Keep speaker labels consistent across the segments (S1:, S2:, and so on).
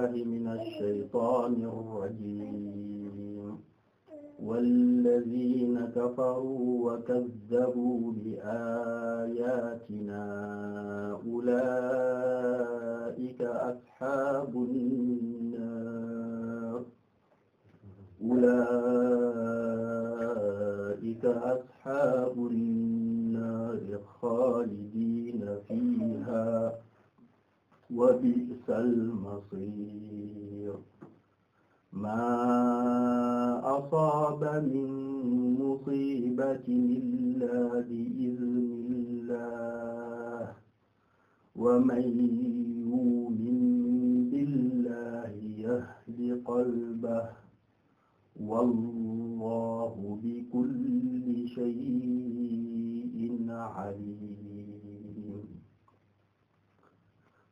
S1: billahi minash shaytaanir rajiim wallaziina kafaruu wa kazzabuu bi aayaatinaa ulaa'ika ashaabun naar ulaa'ika ashaabun naar xaalidiina fiihaa wa bi'sal masiir maa asaaba min musiibatin illaa bi'iznillah wa man yu'min billahi yahdi qalbahu wallaahu bikulli shay'in aliim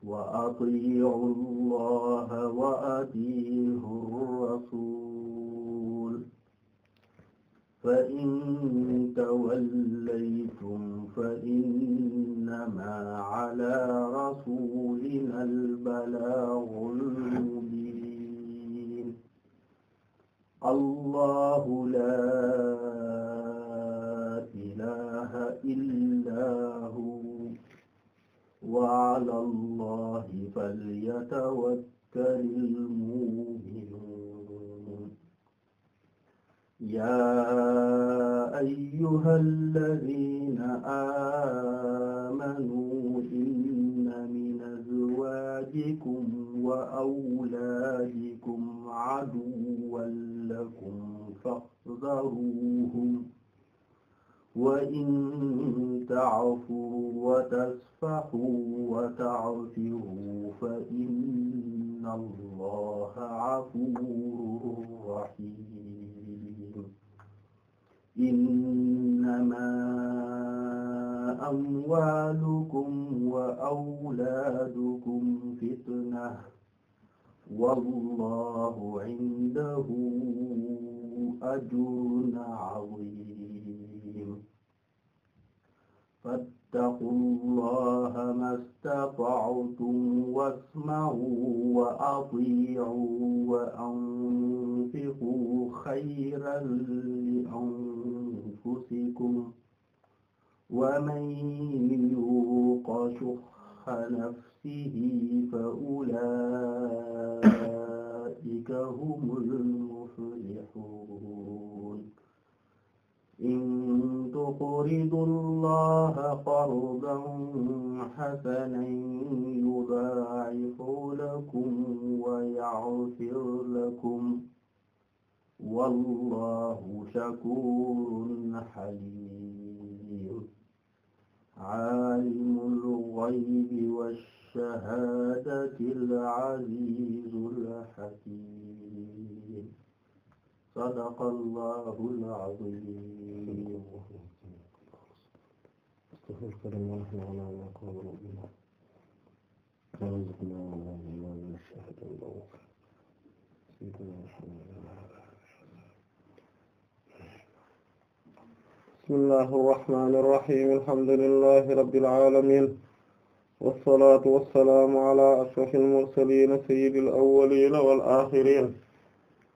S1: وأطيعوا الله وأطيعوا الرسول فإن توليتم فإنما على رسولنا البلاغ المبين الله لا إله إلا wa ala Allahi falyatawakkalil mu'minuun yaa ayyuhal laziina aamanuu inna min azwaajikum wa awlaadikum aduwwan lakum fahdharuuhum وإن تعفوا وتصفحوا وتغفروا فإن الله غفور رحيم إنما أموالكم وأولادكم فتنة والله عنده أجر عظيم fattaqu llaha mastata'tum wasma'u wa ati'u wa anfiqu khayran li anfusikum wa man yuqa shuhha nafsihi fa ulaa'ika humul muflihuun إن تقرضوا الله قرضا حسنا يضاعفه لكم ويغفر لكم والله شكور حليم عالم الغيب والشهادة العزيز الحكيم sadaqallaahul aziim
S2: bismillahi
S1: irrahmani irrahim alhamdulillahi
S2: rabbil aalamiin wassalaatu wassalaamu alaa ashrafil mursaliin sayyidil awwaliin wal aaxiriin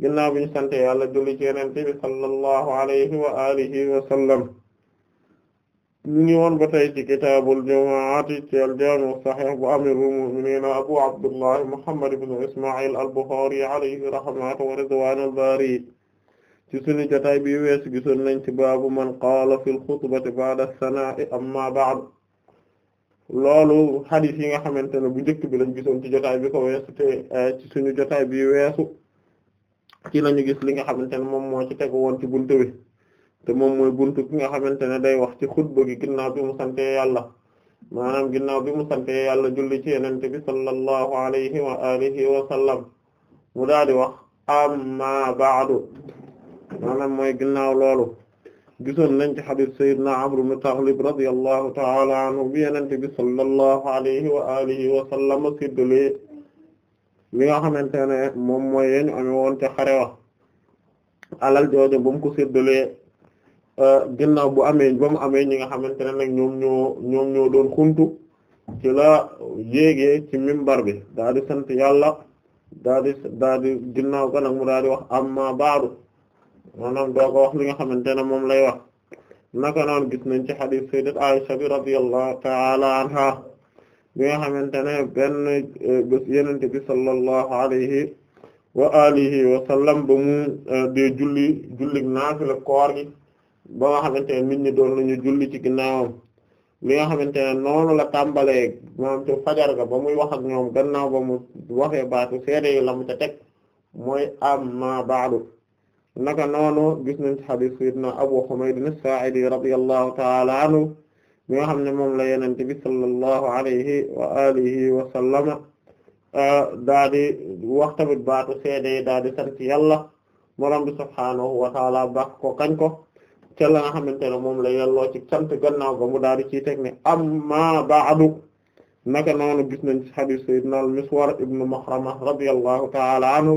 S2: ginnaaw bi ñu sant yàlla julli ci yonent bi sallallahu alayhi wa alihi wa sallam ñu ngi ba tey ci kitaabul jumaati ci al-jaami' as-sahiih bu amiirul abu abdullah muhammad ibn isma'il al-Bukhari alayhi rahmatu wa ridwaanul baari ci sunu jotaay bi weesu gisoon nañ ci baabu man qaala fil xutbati ba'da as-sanaa'i amma ba'd loolu xadiis yi nga xamante ne bu njëkk bi lañ gisoon ci jotaay bi ko weesu eh, ci sunu jotaay bi weesu ci lañu gis li nga xamante ne moom moo ci tegu woon ci buntu bi te moom mooy buntu ki nga xamante ne day wax ci xutba gi ginnaaw bi mu sante yàlla maanaam ginnaaw bi mu sante yàlla julli ci yenente bi sallallahu alayhi wa alihi wa sallam mu daal di wax amma ba'du maanaam mooy ginnaaw loolu gisoon nañ ci hadith sayyidina Amr ibn Taghlib radiyallahu ta'ala anhu bi yenente bi sallallahu alayhi wa alihi wa sallam séddalee li nga xamante ne moom mooy yeñu ame woon xare wax alal joojo ba mu ko séddalee euh, ginnaaw bu amee ba mu amee ñi nga xamante ne nag ñoom ñoo ñoom ñoo doon xuntu ci la yéegee ci mimbar bi daa di sant yàlla daa di daa di ginnaaw ko nag mu daa di wax amma baadu maanaam doo ko wax li nga xamante ne moom lay wax naka noon gis nañ ci hadith sayyidat Aisha bi radiyallahu ta'ala anha bi nga xamante ne benn eh, bés yenente bi sallallahu alayhi wa alihi wa sallam ba mu eh, dee julli julli naafila koor gi ba nga xamante ne nit ñi doon nañu julli ci ginnaawam li nga xamante ne noonu la tàmbalee moom ci fajar ga ba muy wax ak ñoom gannaaw ba mu waxee baatu seede yi la mu ca teg mooy amma ba'du naka noonu gis nañ ci hadith sayyidina Abu Humayd as-Sa'idi radiyallahu ta'ala anhu mi nga xam ne moom la yenente bi sallallahu alayhi wa alihi wa sallama daa di wax tamit baatu seede daa di sant yàlla borom bi subhaanahu wa taala bàkk ko kañ ko te la nga xamante ne moom la yelloo ci sant gannaaw ba mu daa di ciy teg ne amma ba'du naka noonu gis nañ ci hadith sayyidina al-Miswar ibnu Maxrama radiyallahu taala anhu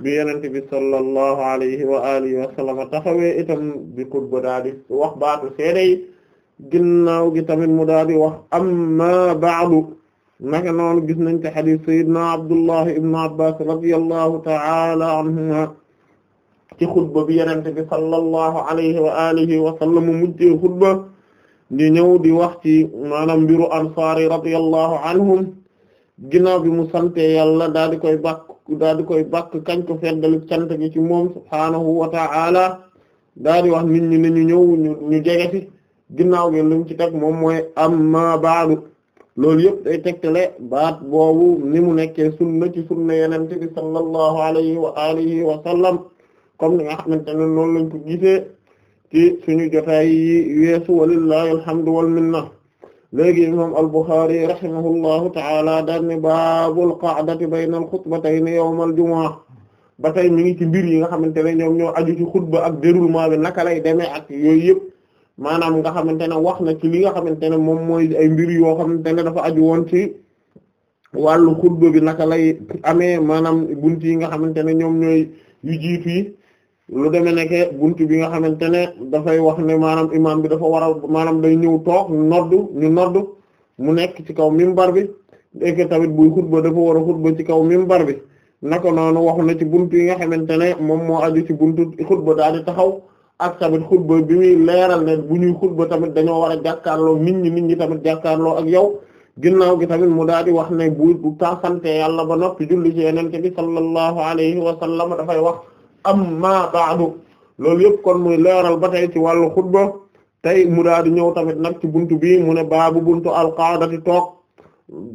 S2: bi yenente bi sallallahu alayhi wa alihi wa sallama taxawee itam bi xutba daa wax baatu seede ginnaaw gi tamit mu daal di wax amma ba'du naka noonu gis nañ ci xadis sayidna abdullah ibnu abbas radiyallahu ta'ala anhuma ci xutba bi yenente bi sallallahu alayhi wa alihi wa sallam mujjee xutba di ñëw di wax ci maanaam mbiru ansaari radiyallahu anhum ginnaaw bi mu sante yàlla daal di koy bàkk daal di koy bàkk kañ ko feddali cant gi ci moom subhaanahu wa ta'ala daal wax nit ñi ne ñu ñëw ñu jege ginnaaw gi lu ci teg moom mooy amma ba'du loolu yëpp day tegtale baat boobu ni mu nekkee sunna ci sunna yeneen bi sallallahu alayhi wa alihi wa sallam comme ni nga xamante ne noonu lañ ko gisee ci suñu jotaay yi weesu walillahi alhamdu wal minna léegi imam al-Bukhari rahimahullahu ta'ala daan ne baabul qa'dati bayna al-xutbatayni yawmal jumu'a ba tey mi ngi ci mbir yi nga xamante ne ñoom ñoo aju ci xutba ak maa bi naka lay demee ak yooyu yëpp maanaam nga xamante ne wax na ci li nga xamante ne moom mooy ay mbir yoo xamante ne dafa aju woon ci wàllu xutba bi naka lay amee maanaam bunt yi nga xamante ne ñoom ñooy yu jiitu yi lu demee nekk bunt bi nga xamante ne dafay wax ne maanaam imaam bi dafa war a maanaam day ñëw toog noddu ñu noddu mu nekk ci kaw mi mimbar bi ek tamit buy xutba dafa war a xutba ci kaw mimbar bi naka noonu wax na ci bunt yi nga xamante ne moom moo aju ci buntu xutba daal di taxaw ak tamit xutba bi muy leeral ne bu ñuy xutba tamit dañoo war a jàkkaarloo nit ñi nit ñi tamit jàkkaarloo ak yow ginnaaw gi tamit mu daal di wax ne bu bu taasante yàlla ba noppi julli ci yenente bi sallallahu alayhi wa sallam dafay wax amma ba'du loolu yëpp kon muy leeral ba tey ci wàllu xutba tey mu daal di ñëw tamit nag ci buntu bi mu ne baabu buntu alqaadati toog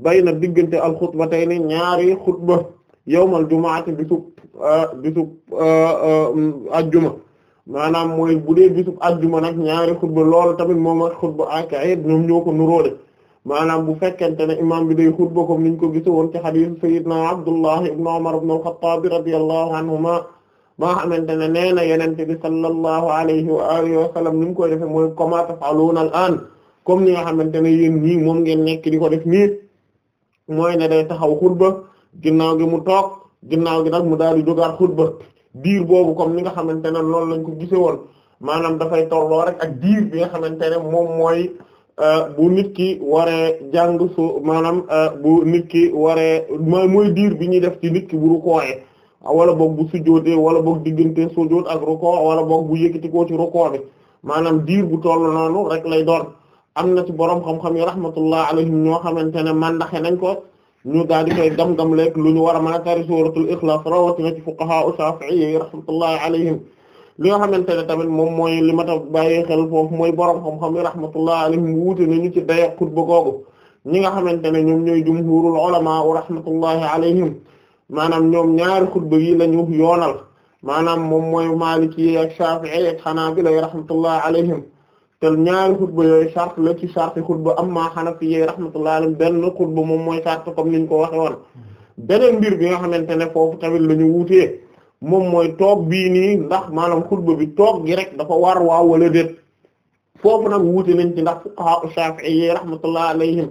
S2: bay na diggante alxutba tey ni ñaari xutba yawmal jumaati bi bisub ah, ah, ah, mm, ajjuma maanaam mooy bu dee bisub àjjuma nag ñaari xutba lool tamit moom ak xutba akaid ñoom ñoo ko nuróole maanaam bu fekkente ne imaam bi day xutba comme niñ ko gise woon ci xadiis sayyidna Abdullah ibn Umar ibn al-Khattab radiyallahu anhuma maa xamante ne nee na yenente bi sallallahu alayhi wa alihi wa sallam ni mu koy defe mooy kama taf'aluna al-an comme ni nga xamante ne yéen ñii moom ngeen nekk di ko def nii mooy ne day taxaw xutba ginnaaw gi mu toog ginnaaw gi nag mu daal di jógaat xutba diir boobu comme ni nga xamante ne loolu lañ ko gise woon maanaam dafay tolloo rek ak diir bi nga xamante ne moom mooy euh, bu nit ki waree jàng su maanaam euh, bu nit ki waree mooy diir bi ñuy def ci nit ki bu rukkooyee wala boog bu sujjóotee wala boog diggante sujjóot ak rukkoo wala boog bu ko ci rukkoo bi maanaam diir bu toll noonu rek lay doon am na ci borom xam-xam yi rahmatullah alayhim ñoo xamante ne mandaxe nañ ko ñu daal di koy gam-gam lekk lu ñu war a mën a tari suuratul Ixlaas rawatina ci fuqahaa u Shaafi'i rahmatullahi alayhim li nga xamante ne tamit moom mooy li ma ta bàyyi xel foofu mooy borom xam-xam yi rahmatullahi alayhim wuute ñu ci dayo xutba googu ñi nga xamante ne ñoom ñooy jumhuurul ulamaa rahmatullahi alayhim maanaam ñoom ñaari xutba yi la ñu yoonal maanaam moom mooy Maaliki ak Shaafi'i ak Hanaabila rahmatullahi alayhim te ñaari xutba yooyu sart la ci sarti xutba amma Hanafiyyi rahmatullahi alayhim benn xutba moom mooy sart comme niñ ko waxe beneen mbir bi nga xamante ne foofu tamit la ñu wuutee moom mooy toog bii nii ndax maanaam xutba bi toog gi rek dafa war waaw wala déet foofu nag wuute nañ ci ndax fuqaha Shafi'i rahmatullahi alayhim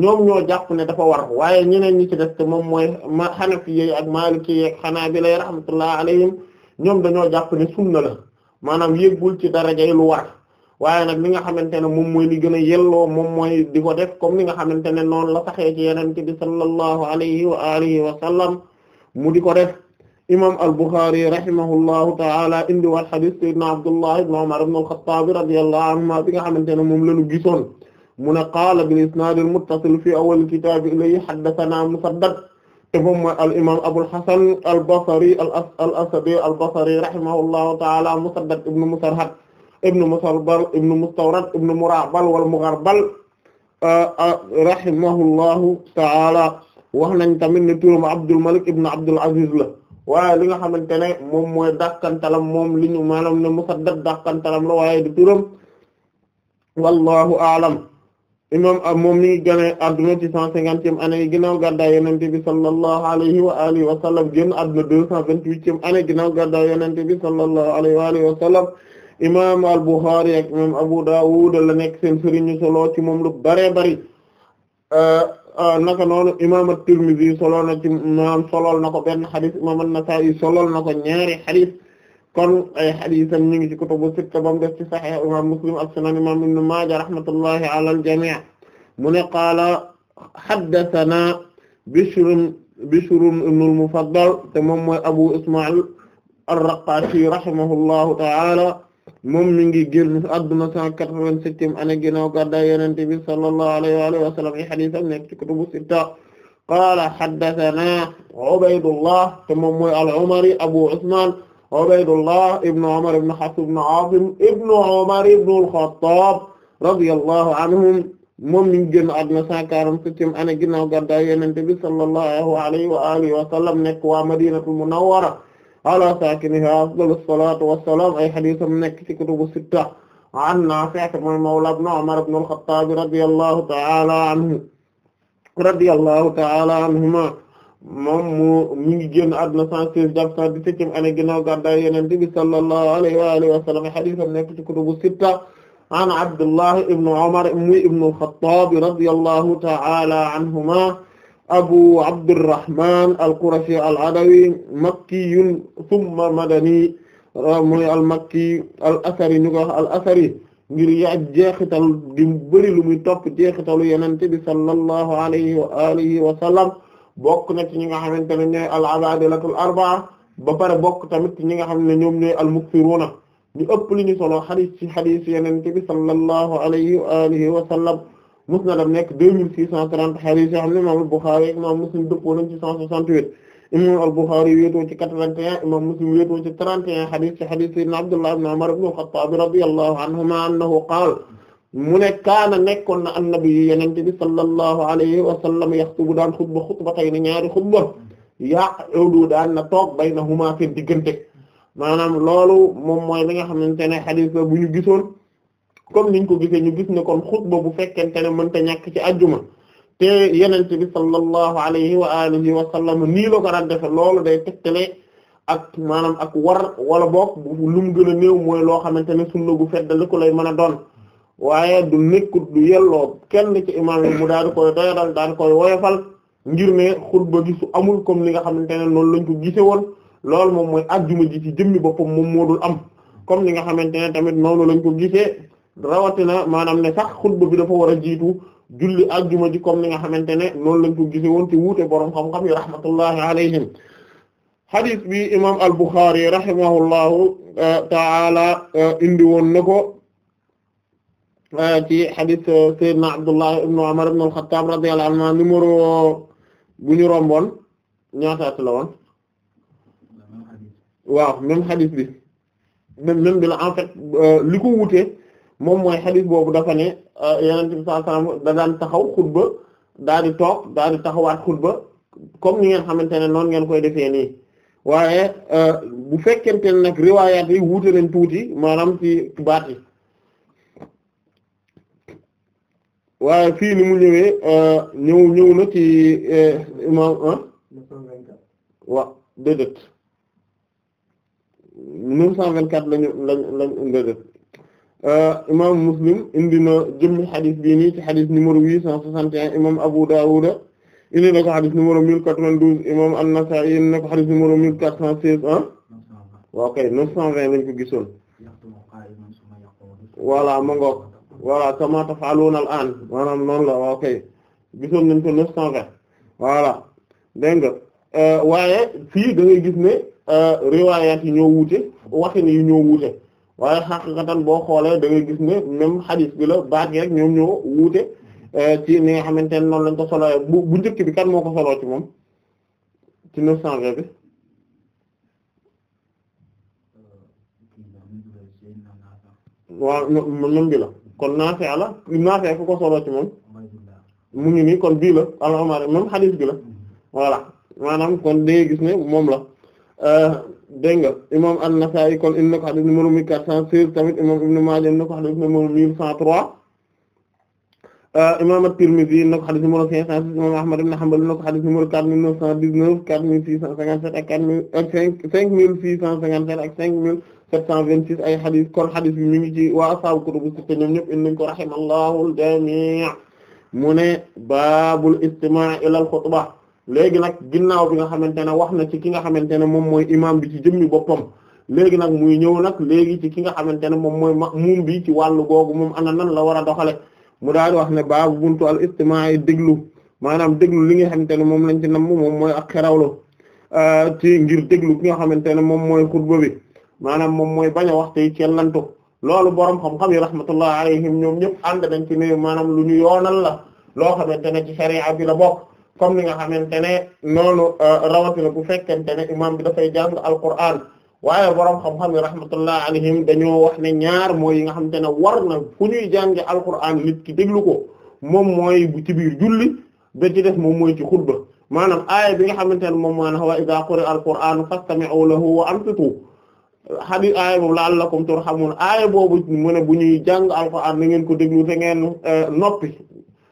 S2: ñoom ñoo jàpp ne dafa war waaye ñeneen ñi ci des te moom mooy ma Hanafiyyi ak Maliki ak Hanabila rahmatullahi alayhim ñoom dañoo jàpp ne sunna la maanaam yëggul ci darajay lu war waaye nag li nga xamante ne moom mooy li gën a yelloo moom mooy di ko def comme li nga xamante ne noonu la saxee ci yenente bi sallallahu alayhi wa alihi wa sallam mu di ko def imam al-Bukhari rahimahullahu ta'ala indi waat hadith sayyidina Abdullah ibn Umar ibn al-Khattab radiyallahu anhuma bi nga xamante ne moom lañu gisoon mu ne qaala bil isnaad al Musaddad te moom mooy al imaam Abul Hasan al-Basri al-Asadi al-Basri rahimahullahu ta'ala Musaddad ibn Musarhad ibnu Musalbal ibnu Mustawrad ibnu Murabal wal Mugharbal rahimahullahu ta'ala wax nañ tamit ne turam Abdul Malik ibnu Abdul Aziz la waaye li nga xamante ne moom mooy dàkkantalam moom li ñu maanaam ne Musaddad dàkkantalam la waaye di turam wallahu a'lam imam moom mi ngi gane adduna ci cent cinquantième année yi ginnaaw gàddaay yonente bi sallallahu alayhi wa alihi wa sallam génn sallam imam al-Bukhari ak imam Abu Dawud la nekk seen solo ci moom lu bare bari euh, euh, naka noonu imam at-Tirmidhi solo na ko benn xadis imam an-Nasa'i solol na ko ñaari xadis kon ay xadisam ñu ngi ci kutubu sitta bam def ci Sahih imam Muslim ak sunan imam Ibn Majah rahmatullahi ala al mu ne qaala haddathana Bishr ibn al-Mufaddal te moom mooy Abu Isma'il ar-Raqashi rahimahullahu ta'ala moom mi ngi génn adduna cent quatre-vingt-septième année ginnaaw gàddaay Yonent bi sallallahu alayhi wa alihi wa sallam ay hadiisam nekk ci kutubu sitta qaala haddasanaa Ubaydullah te moom mooy al-Umari Abu Usmaan Ubaydullah ibn Umar ibn Hafs ibn Aasim ibn Umar ibn al-Khattaab radiyallahu anhum moom mi ngi génn adduna cent quarante-septième année ginnaaw gàddaay Yonent bi sallallahu alayhi wa alihi wa sallam nekk waa Madinatul Munawwara ala saakinihaa afdalu salaatu wa salaam ay hadiisam nekk ci kutubu sitta an Naafi' mooy mawla ibn Umar ibn al-Khattaab radiyallahu ta'ala anhu radiyallahu ta'ala anhuma moom mu mi ngi génn àdduna 116 jàpp 117 ane ginnaaw gàddaay Yonent bi sallallahu alayhi wa alihi wa sallam hadiisam nekk ci kutubu sitta an Abdullah ibn Umar muy ibn al-Khattaab radiyallahu ta'ala anhuma abu abdurrahman al-qurashi al-adawi makkiyun thumma madani muy al-makki al-asari ñu ko wax al-asari ngir yaaj jeexital di bëri lu muy topp jeexitalu yenente bi sallallahu alayhi wa alihi wa sallam bokk na ci ñi nga xamante ne ñooy al-abadilatul arbaa ba pare bokk tamit ci ñi nga xam ne ñoom ñooy al-muksiruna ñu ëpp li ñu solo xadis ci xadis yenente bi sallallahu alayhi wa alihi wa sallam musnadam nekk deux mille six cent trente xadis yoo xam ne imaam al-Bukhari ak imaam Muslim dëppoo nañ ci cent soixante-huit imaam al-Bukhari wéetoo ci quatre-vingt-un imaam Muslim wéetoo ci trente et un xadis Abdullah ibn Umar ibn al-Khattab radiyallahu anhuma annahu qaala mu kaana nekkoon na annabi yi bi sallallahu alayhi wa sallam yaxtubu daan xutba xutbatayni ñaari xutba yaqudu daan na toog baynahuma seen diggante maanaam loolu moom mooy li nga xamante ne xadis la bu comme niñ ko gisee ñu gis ne kon xutba bu fekkente ne ta ñàkk ci ajjuma te yenente bi sallallahu alayhi wa alihi wa sallam nii la ko daan defe loolu day tegtale ak maanaam ak war wala boog lu mu gën a néew mooy loo xamante ne sunna gu feddali ko lay mën a doon waaye du nekkut du yelloo kenn ci imaam mu daal di koy doyadal daal di koy woyofal ngir ne xutba gi su amul comme li nga xamante ne noonu lañ ko gise woon lool moom mooy ajjuma ji ci jëmmi boppam moom moo dul am comme li nga xamante ne tamit noonu lañ ko gisee rawatina maanaam ne sax xutba bi dafa war a jiitu julli ajjuma ji comme ni nga xamante ne noonu lañ ko gisee woon ci wuute borom xam-xam yi rahmatullahi alayhim hadith bi imam al Bukhari rahimahullahu euh, taala euh, indi woon na ko euh, ci bu ñu romboon ñaataat la bi même même bi la en li ko wuute. moom mooy xadis boobu dafa ne euh, yonent bi sallallahu alayhi taxaw xutba daal di toog daal di taxawaat xutba comme ni ngeen xamante ne noonu ngeen koy defee nii waaye euh, bu fekkente ne nag riwaayaat yi wuute nañ tuuti maanaam ci baat yi waaye fii ni mu ñëwee euh, ñëw ñëw na ci imam waaw déedéet neuf cent vingt-quatre lañu lañ lañ déedéet Euh, imam Muslim indi na jëmmi xadis bii nii ci xadis numéro huit cent soixante et un Abu Dawud indi na ko xadis numéro mille quatre douze imam An-Nasa'i indi na ko xadis numéro mille quatre cent seize un ah? waaw kay neuf cent vingt lañ ko gisoon voilà ma ngoog voilà kama taf'aluna al-an maanaam noonu la ko neuf cent vingt voilà dégg euh, waaye fii da gis ne euh, riwaayaat yi ñoo wuute waaye xaqiqatan boo xoolee da gis ne même xadis bi la baat ñoom ñoo wuute euh, ci ni nga xamante ne noonu lañ ko solo bu bu njëkk bi kan moo ko soloo ci moom ci neuf cent vingt bi waaw même ko soloo ci moom mu ngi nii kon bii la al-Umar même bi la mm-hmm. voilà maanaam kon da gis ne moom la euh, dégg nga imam an-Nasa'i kon indi na ko hadith numéro 1416 tamit imam Ibn Maaja indi na ko hadith numéro 1103 euh, imam at-Tirmidhi indi na ko hadith numéro 506 imam Ahmad ibn Hanbal indi na ko hadith numéro 4919 4657 ak 4000 5657 ak 5726 ay hadith kon hadith bi mi ngi ci waa ashaabu kutubu sitta ñoom ñëpp indi nañu ko rahimallahu al-jami' mu ne baabul istima' ila al-khutbah léegi nag ginnaaw bi nga xamante ne wax na ci ki nga xamante ne moom mooy imam bi ci jëmmi boppam léegi nag muy ñëw nag léegi ci ki nga xamante ne moom mooy ma'muum bi ci wàllu googu moom ana nan la war a doxale mu daal di wax ne baabu buntu al istimaa déglu maanaam déglu li nga xamante ne moom lañ ci namm moom mooy ak xerawlu euh, ci ngir déglu ki nga xamante ne moom mooy xutba bi maanaam moom mooy bañ a wax tey cellantu loolu borom xam-xam yi rahmatullah alayhim ñoom ñëpp ànd dañ ci ne maanaam lu ñu yoonal la loo xamante ne ci sariya bi la bokk comme ni nga xamante ne noonu euh, rawatina bu fekkente ne imaam bi dafay jàng alquraan waaye borom xam-xam yi rahmatullah alayhim dañoo wax ne ñaar mooy yi nga xam ne war na fu ñuy jànge alquraan nit ki déglu ko moom mooy ci biir julli ba ci def moom mooy ci xutba maanaam aaya bi nga xamante ne moom maanaam wa iza quri'a alquraan fastami'u lahu wa ansitu hadi aaya boobu la'allakum turhamun aaya boobu mu bu ñuy jàng alquraan na ngeen ko déglu te ngeen euh, noppi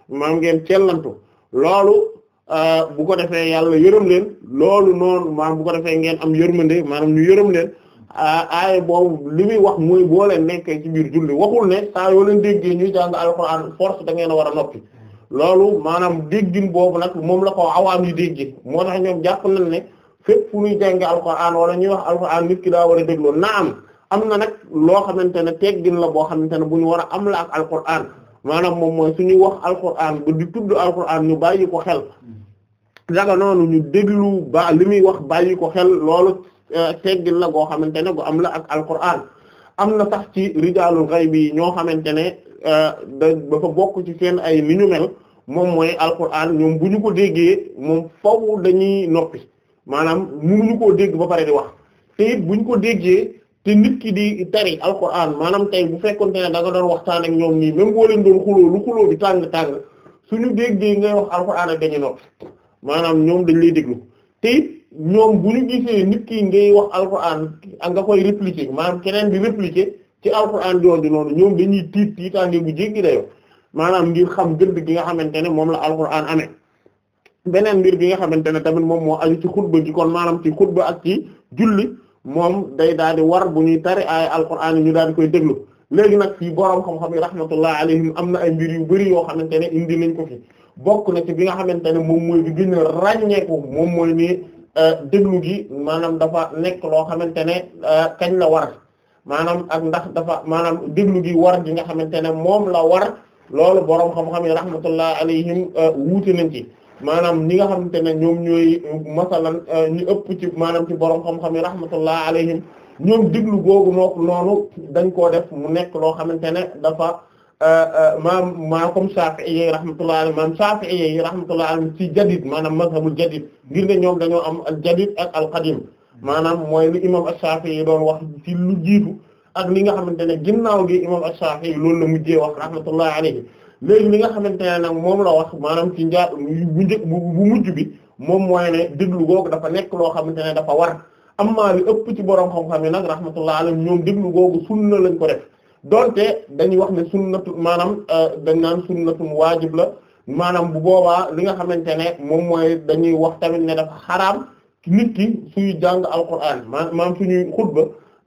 S2: maam ngeen cellantu loolu Euh, bu ko defee yàlla yërëm leen loolu noonu maanaam bu ko defee ngeen am yërmande maanaam ñu yërëm leen euh, aaya boobu li muy wax mooy boo leen nekkee ci biir julli waxul ne saa yoo leen déggee ñuy jàng alxuraan force da a war a noppi loolu maanaam déggin boobu nag moom la ko awaam yi déggee moo tax ñoom jàpp nañ ne fépp fu ñuy jàngee alxuraan wala ñuy wax alxuraan nit ki daa war a dégloo na am am na nag loo xamante ne teggin la boo xamante ne bu ñu war a am la ak alxuraan maanaam moom mooy ñuy wax alxuraan ba di tudd alxuraan ñu bàyyi ko xel daga noonu ñu déglu ba li muy wax bàyyi ko xel loolu euh, teggin la goo xamante ne gu am la ak alquran am na sax ci rijaalul ghaybi ñoo xamante ne euh, da dafa bokk ci seen ay li ñu mel moom mooy alquran ñoom bu ñu ko déggee moom faw dañuy noppi maanaam ñu koo dégg ba pare di wax te it buñ ko déggee te nit ki di tari alquran maanaam tey bu fekkonte ne da nga doon waxtaan ak ñoom nii même boo leen doon xuloo lu xuloo bi tàng tàng suñu déggee ngay wax alquran ak dañuy noppi maanaam ñoom dañ lay déglu te it ñoom bu ñu gisee nit ki ngay wax alquran nga koy répliquer maanaam keneen di répliquer ci alquran jooju noonu ñoom dañuy tiit tiitaange bu jéggi dayoo maanaam ngir xam gëdd gi nga xamante ne moom la alquran amee beneen mbir bi nga xamante ne tamit moom moo aju ci xutba gi kon maanaam ci xutba ak ci julli moom day daal di war bu ñuy tari ay alquran yi ñu daal di koy déglu léegi nag fii boroom xam-xam yi rahmatullah alayhim am na ay mbir yu bari yoo xamante ne indi nañ ko fi. bokk na ci bi nga xamante ne moom mooy bi gën a ràññeeku moom mooy ni euh, déglu gi maanaam dafa nekk loo xamante ne euh, kañ la war maanaam ak ndax dafa maanaam déglu gi war gi nga xamante ne moom la war loolu boroom xam-xam yi rahmatullah alayhim euh, wuute nañ ci maanaam ñi nga xamante ne ñoom ñooy masalan ñu ëpp ci maanaam ci boroom xam-xam yi rahmatullah alayhim ñoom déglu googu noo noonu dañ koo def mu nekk loo xamante ne dafa Euh, euh, maam maa comme Shafi'i yi rahmatullahi alayhi maam Shafi'i yi rahmatullahi alayhi ci jadid maanaam mazhabul jadid ngir ne ñoom dañoo am al jadid ak al maanaam mooy li imam yi doon wax ci lu jiitu ak li nga xamante ne ginnaaw gi imam Shafi'i yi loolu la mujjee wax rahmatullahi alayhi léegi li nga xamante ne nag moom la wax maanaam ci njaar bu njëkk bu mujj bi moom mooy ne déglu googu dafa nekk loo xamante ne dafa war amma li ëpp ci borom xam-xam yi nag rahmatullahi alayhi ñoom déglu googu sunna lañ ko donte dañuy wax ne sunnatu maanaam euh, dañ naan sunnatum la maanaam bu boobaa li nga xamante ne moom mooy dañuy wax tamit ne dafa xaraam nit ki suy jàng alquran maanaam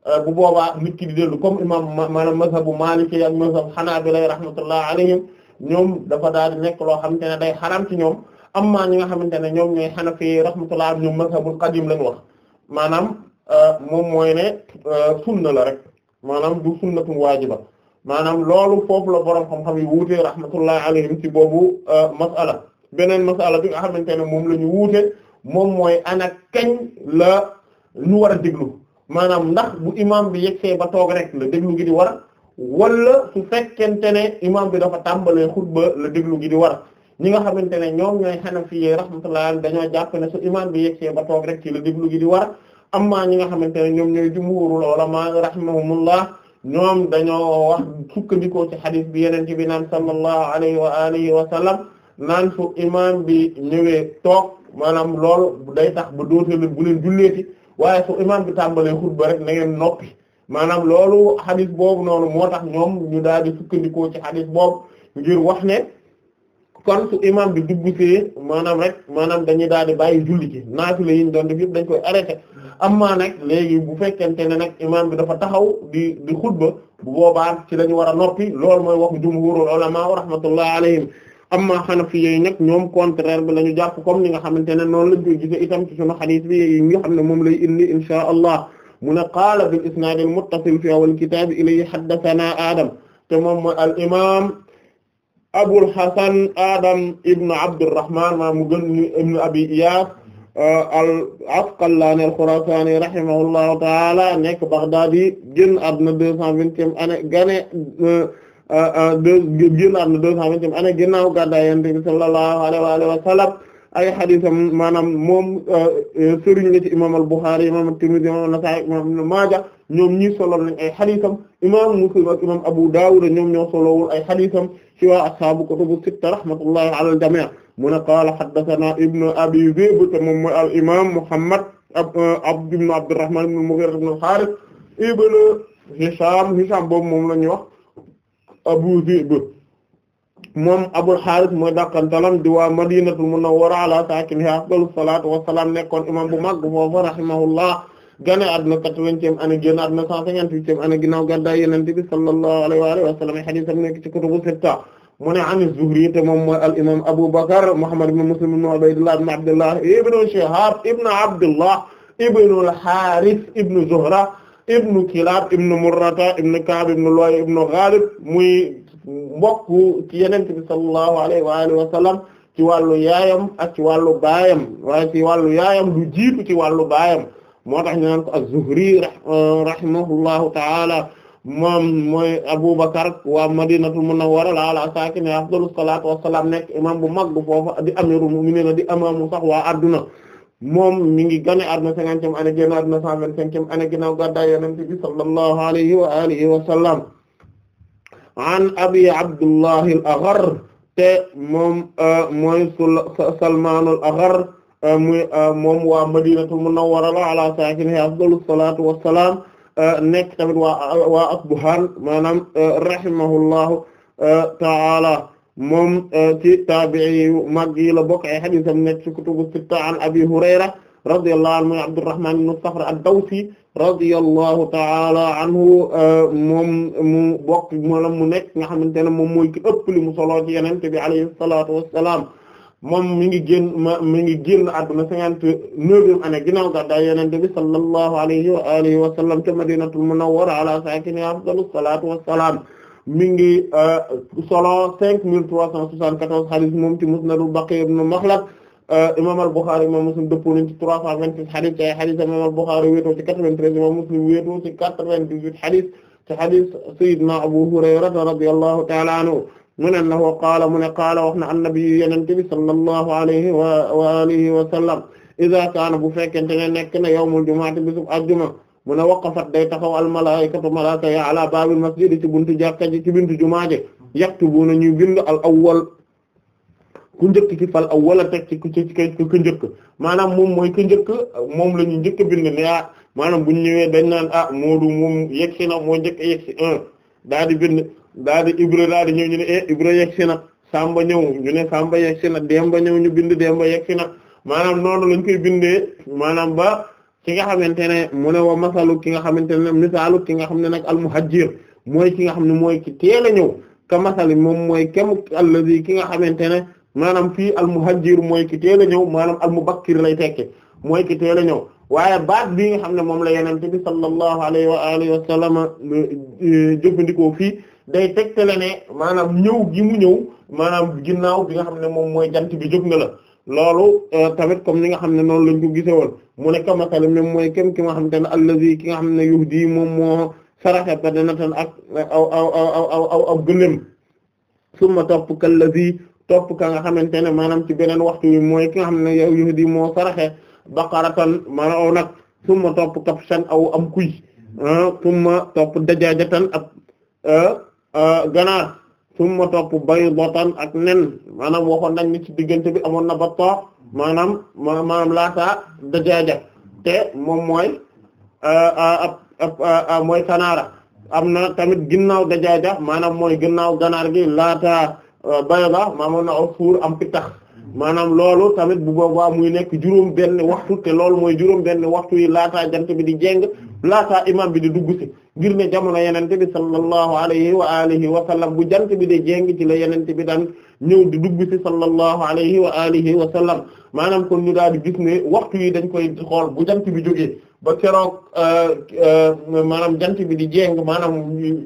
S2: euh, bu boobaa nit ki di dellu comme imam maanaam mazhabu maliki ak mazhabu hanabila rahmatullah alayhim ñoom dafa daal di nekk loo xamante ne day xaraam ci ñoom amma ñi nga xamante ne ñoom ñooy hanafi rahmatullah ñoom mazhabul qadim lañ wax maanaam euh, moom mooy ne sunna la rek maanaam du sunnatun waajiba maanaam loolu foofu la borom xam-xam yi wuute rahmatullahi alayhim ci boobu euh, mas'ala beneen mas'ala bi nga xamante ne moom la ñu wuute moom mooy ana kañ la nu war a déglu maanaam ndax bu imam bi yegsee ba toog rek la déglu gi di war wala su fekkente ne imam bi dafa tàmbalee xutba la déglu gi di war ñi nga xamante ne ñoom ñooy Hanafi yi rahmatullahi alayhim dañoo jàpp su imam bi yegsee ba toog rek la déglu gi di war amma ñi nga xamante ne ñoom ñooy jumhuurul ulamaa rahimahumullah ñoom dañoo wax sukkandikoo ci xadis bi yeneen ci bi naan sallallahu alayhi wa alihi wa sallam naan fu imaam bi ñëwee toog maanaam loolu day tax ba dootee leen bu leen julleeti waaye fu imaam bi tàmbalee xutba rek na ngeen noppi maanaam loolu xadis boobu noonu moo tax ñoom ñu daal di sukkandikoo ci xadis boobu ngir wax ne kon su imam bi dugg ci maanaam rek maanaam dañuy daal di bàyyi julli ci naafila yi ñu doon dañ koy arrêté amma nag léegi bu fekkente ne nag imam bi dafa taxaw di di xutba bu boobaa ci la ñu war a noppi loolu mooy waxu jumhurul ulama wa rahmatullah alayhim amma hanafiyyi nag ñoom contraire bi la ñu jàpp comme ni nga xamante ne noon lañ koy gisee itam ci sunu hadith bi yi nga xam moom lay indi inshaa allah mu ne qaala bil isnaadil muttasil fi awal kitaabi ilayhi haddathana adam te moom mooy Abul Hasan Adam ibn Abdurrahman maa mu gën ibn Abi Iyas uh, al-Asqalani al-Khurasani rahimahullahu ta'ala nekk Baghdadi génn àdduna deux cent vingtième année gane uh, uh, génn àdduna deux cent vingtième année ginnaaw gàddaay Yonent bi sallallahu alayhi wa sallam ay hadiisam maanaam moom sëriñ la ci imam al-Bukhari imam at-Tirmidhi imam an-Nasa'i imam Ibn Maaja ñoom ñii solo nañ ay xadiisam imaam Muslim ak imaam Abu Dawud ñoom ñoo solowul ay xadiisam ci waa ashaabu kutubu sitta rahmatullahi ala al-jamii' mu ne qaala Zi'b te moom mooy al imaam Muhammad Abu Zi'b moom Abul Haaris mooy dàqantalam di waa Madinatul Munawwara ala saakinihaa afdalu salaatu wa salaam nekkoon imaam bu mag boobu rahimahullah gane àdduna quatre-vingtième année génn àdduna cent cinquante-huitième année ginnaaw gàddaay Yonent bi sallallahu alayhi wa alihi wa sallam hadith am nekk ci kutubu sitta mu ne an Zuhri te moom mooy al imam Abu Bakr Muhammad ibn Muslim ibn Ubaydillah ibn Abdullah ibn Shihab ibn Abdullah ibn al-Harith ibn Zuhra ibn Kilab ibn Murrata ibn Ka'b ibn Lu'ay ibn Ghalib muy mbokk ci Yonent bi sallallahu alayhi wa alihi wa sallam ci wàllu yaayam ak ci wàllu baayam waaye ci wàllu yaayam lu jiitu ci wàllu baayam moo tax ñu naan ko az-Zuhri euh, rahimahullahu taala moom mooy Aboubacar waa Madinatul Munawwara ala saakinihaa afdalu salaatu wa salaam nekk imam bu mag foofu di amirul mu'miniina di imaamu sax waa adduna moom mi ngi gane adduna cinquantième année génn adduna cent vingt-cinquième année bi sallallahu alayhi wa alihi Abi Abdullahi al te moom euh, mooy Salmaanul Agharr Euh, muy euh, moom waa madinatul munawwara la ala saakinihi afdalu salaatu wassalaam euh, nekk tamit waa waa Asbuhan maanaam rahimahullahu ta'ala moom ci taabi'i yu mag yi la bokk ay hadiisam nekk ci kutubu sitta an Abi Hurayra radiyallahu anhu Abdurrahman ibn Sakhr ad-Dawsi radiyallahu ta'ala anhu moom mu bokk mu nekk nga xamante ne moom mooy ki ëpp li mu solo ci Yonent bi alayhi salaatu wassalaam moom mi ngi génn mi ngi génn àdduna cinquante-neuvième année ginnaaw gàddaay Yonent bi sallallahu alayhi wa alihi wa sallam ca Madinatul Munawwara ala saakinihaa afdalus salaatu wassalaam mi ngi uh, solo cinq mille trois cent soixante-quatorze hadith moom ci Musnadul Baqi ibn Makhlad uh, imam al-Bukhari imam Muslim dëppoo nañ ci trois cent vingt-six hadith ci hadith ci quatre-vingt-treize imam Muslim wéetoo ci quatre-vingt-dix-huit hadith ci hadith Sayyidina Abu Hurayra radiyallahu ta'ala anhu mu ne lahu mu ne qaala wax na annabi yenente bi sallallahu alayhi wa wa alihi wa sallam iza kaana bu fekkente ne nekk na yawmul jumaati bisub ajjuma mu ne waqafat day taxaw al malaikatu malaaka ya ala baabil masjid ci buntu jàkka ji ci buntu jumaa ji yaktubuuna ñuy bind al awwal ku njëkk ci fal awwala teg ci ku ci ku njëkk maanaam moom mooy ku njëkk moom la ñu njëkk bind ne ah maanaam bu ñu ñëwee dañ naan a ah, Moodu moom yegg si na moo njëkk yegg un daal di bind daal di Ibra daal di ñëw ñu ne eh Ibra na Samba ñëw ñu ne Samba yegsi na Demba ñëw ñu bind Demba yegsi na maanaam noonu lañ koy bindee maanaam ba ki nga xamante ne mu ne wa masalu ki nga xamante ne misaalu ki nga xam ne nag almuhajjir mooy ki nga xam ne mooy ki teel a ñëw ka masali moom mooy kem allazi ki nga xamante ne maanaam fii almuhajjir mooy ki teel a ñëw maanaam almubakkir lay tekke mooy ki teel a ñëw waaye baat bii nga xam ne moom la yenente bi sallallahu alayhi wa alihi wa sallam eh, jëfandikoo fii day tegtale ne maanaam ñëw gi mu ñëw maanaam ginnaaw bi nga xam ne moom mooy jant bi jóg na la loolu euh, tamit comme ni nga xam ne noonu lañ ko gisewoon mu ne kamasali même mooy kenn ki nga xam te ne allazi ki nga xam ne yuhdi moom moo saraxe ba dana tan ak aw aw aw aw aw aw gëléem summa topp kallazi topp nga xamante ne maanaam ci beneen waxtu mooy ki nga xam ne yow yuhdi moo saraxe baqaratan maanaam aw nag summa topp kabshan aw am kuy ah, summa topp dajajatan ak euh, Euh, ganaar summa topp baydatan ak nen maanaam waxoon nañ ni ci diggante bi amoon na battaax maanaam maanaam laataa dajaaja te moom mooy euh, ab mooy kanaara am na tamit ginnaaw dajaaja maanaam mooy ginnaaw ganaar gi laataa euh, bayda maamoon na aw fuur am pitax maanaam loolu tamit bu boobaa muy nekk juróom benn waxtu te loolu mooy juróom benn waxtu yi laataa jant bi di jeng laataa imam bi di dugg si ngir ne jamono yenente bi sallallahu alayhi wa alihi wa sallam bu jant bi di jeng ci la yenente bi daan ñëw di dugg si sallallahu alayhi wa alihi wa sallam maanaam kon nu daal di gis ne waxtu wi dañ koy xool bu ti bi jógee ba keroog euh, euh, maanaam jant bi di jéng maanaam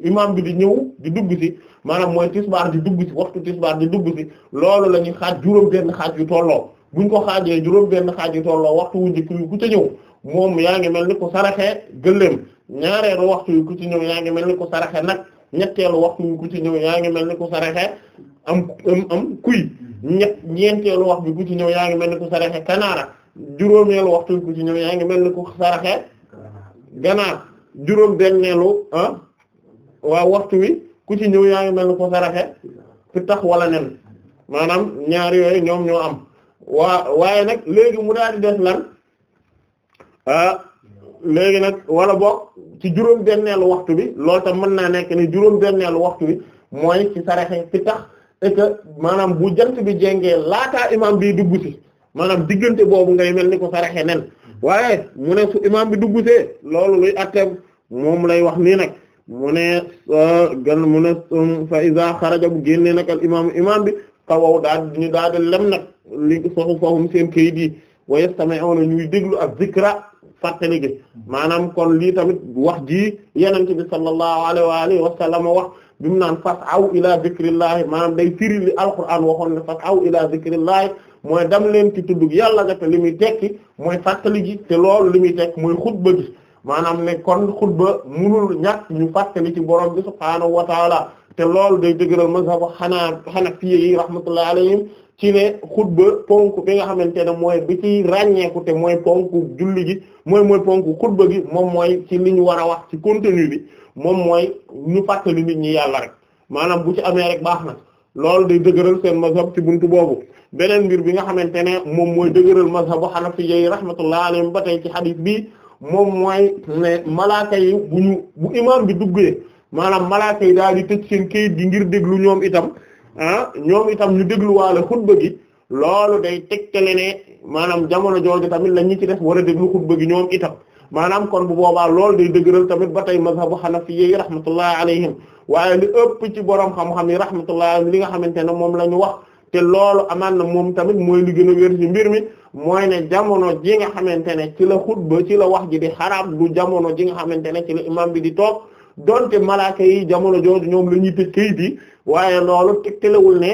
S2: imam bi di ñëw di dugg si maanaam mooy tisbaar di dugg si waxtu tisbaar di dugg si loolu la ñuy xaaj juróom benn xaaj yu tolloo buñ ko xaajee juróom benn xaaj yu tolloo waxtu wu njëkk yu ku ca ñëw moom yaa ngi mel ni ko saraxee gëléem ñaareelu waxtu yu ku ci ñëw yaa ngi mel ni ko saraxe nag ñetteelu waxtu yu ku ci yaa ngi mel ni ko saraxe am am am kuy ñett ñeenteelu wax bi ku ci ñëw yaa ngi mel ni ku saraxe kanaara juróomeelu waxtu ku ci ñëw yaa ngi mel ni ku saraxe ganaar juróom benneelu ah, waxtu wi ku ci ñëw yaa ngi mel ni ku saraxe fi tax wala nen maanaam ñaar yooyu ñoom ñoo am waa waaye nag léegi mu daal di def lan ah, léegi nag walla boog ci juróom benneelu waxtu bi loolu tam mën naa nekk ni juróom benneelu waxtu bi mooy ci saraxe fi et que maanaam bu jant bi jengee laataa imam bi dugg si maanaam diggante boobu ngay mel ni ko saraxe nen waaye mu ne su bi dugg see loolu luy atteem moom lay wax nii nag mu ne euh, mu ne um, fa xaraja bu génnee nag al imam imam bi xawaw daal ñu daal di lem nag li soxu fahum seen kayit yi wa yastami'una ñuy déglu ak zikra fàttali gi maanaam kon lii tamit wax ji yenente bi sallallahu alayhi wa alihi wa sallam wax bi naan fas aw ila zikrillahi maanaam day firi li alquran waxoon ne fas aw ila zikrillahi mooy dem leen ci tuddug yàlla nga te li muy tekki mooy fàttali gi te loolu li muy tekki mooy xutba gi maanaam ne kon xutba munul ñàkk ñu fàttali ci borom bi subhaanahu wa taala te loolu day dëgëral mazhabu xanaa xanafiye yi rahmatullahi alayhim ci ne xutba ponk bi nga xamante ne mooy bi ci ràññeeku te mooy ponk julli gi mooy mooy ponk xutba gi moom mooy ci li ñu war a wax ci contenu bi moom mooy ñu fàttali nit ñi yàlla rek maanaam bu ci amee rek baax na loolu day dëgëral seen mazhab ci buntu boobu beneen mbir bi nga xamante ne moom mooy dëgërël dëgëral mazhabu hanafi yi rahmatullah alayhim ba tey ci hadith bi moom mooy ne malaaka yi bu ñu bu imaam bi duggee maanaam malaaka yi daal di tëj seen kayit gi ngir déglu ñoom itam ah ñoom itam ñu dégluwaale xutba gi loolu day tegtale ne maanaam jamono jooju tamit la ñu ci def war a déglu xutba gi ñoom itam maanaam kon bu boobaa loolu day dëgëral tamit ba tey mazhabu hanafiyyi rahmatullahi alayhim waaye li ëpp ci borom xam-xam yi rahmatullahi li nga xamante ne moom la ñu wax te loolu amaan na moom tamit mooy liggéen gën a wér mbir mi mooy ne jamono ji nga xamante ne ci la xutba ci la wax ji di xaraam du jamono ji nga xamante ne ci la bi di toog. donte malaaka yi jamono jooju ñoom la ñuy tëj kayit yi waaye loolu telewul ne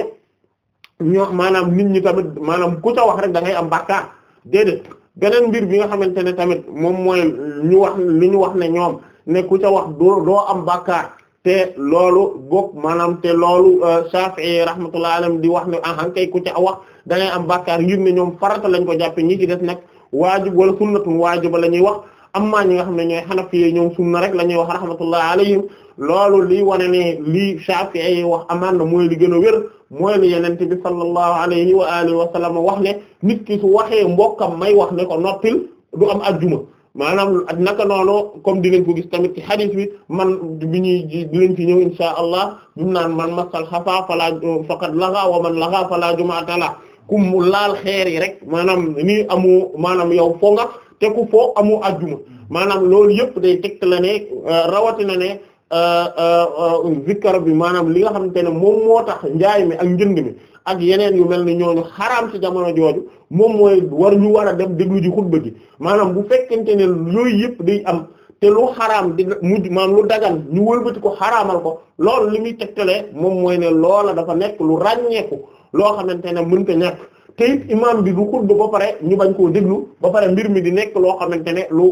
S2: ñoo maanaam nit ñi tamit maanaam ku ca wax rek dangay ngay am bàkkaar déedéet beneen mbir bi nga xamante ne tamit moom mooy ñu wax li ñu wax ne ñoom ne ku ca wax doo doo am bàkkaar te loolu bokk maanaam te loolu euh, Shafi'i rahmatullahi alayhi di wax ne ahan kay ku ca wax da ngay am bàkkaar ngir ne ñoom farata lañ ko jàppe ñi ci des nag waajib wala sunnatun waajiba la ñuy wax amma ñi nga xam ne ñooy xanafiye ñoom sunna rek la ñuy wax rahmatullah alayhim loolu lii wane ne lii Shafi'i yi wax amaan na mooy li gën a wér mooy li yenente bi sallallahu alayhi wa alihi wa sallam wax ne nit ki su waxee mbokkam may wax ne ko noppil du am ajjuma maanaam ak naka noonu comme dinañ ko gis tamit ci hadith bi man bi ñuy dinañ fi ñëw insha allah mu naan man masal xafa fala faqad laga wa man laga fala jumata la ku mu laal xeer yi rek maanaam ni amu maanaam yow fo nga te ku foo amu ajjuma maanaam loolu yëpp day teg la ne euh, rawatina ne euh, euh, zikkar bi maanaam li nga xamante ne moom tax njaay mi ak njënd mi ak yeneen yu mel ni ñooñu xaraam ci jamono jooju moom mooy war ñu war a dem déglu ji xutba gi maanaam bu fekkente ne yooyu yëpp day am te lu xaraam di mujj maanaam lu dagan ñu wëlbati ko xaraamal ko loolu li muy tegtalee moom mooy ne loola dafa nekk lu ràññeeku. loo xamante ne mënta ñàkk te it imaam bi bu xutba ba pare ñu bañ koo déglu ba pare mbir mi di nekk loo xamante ne lu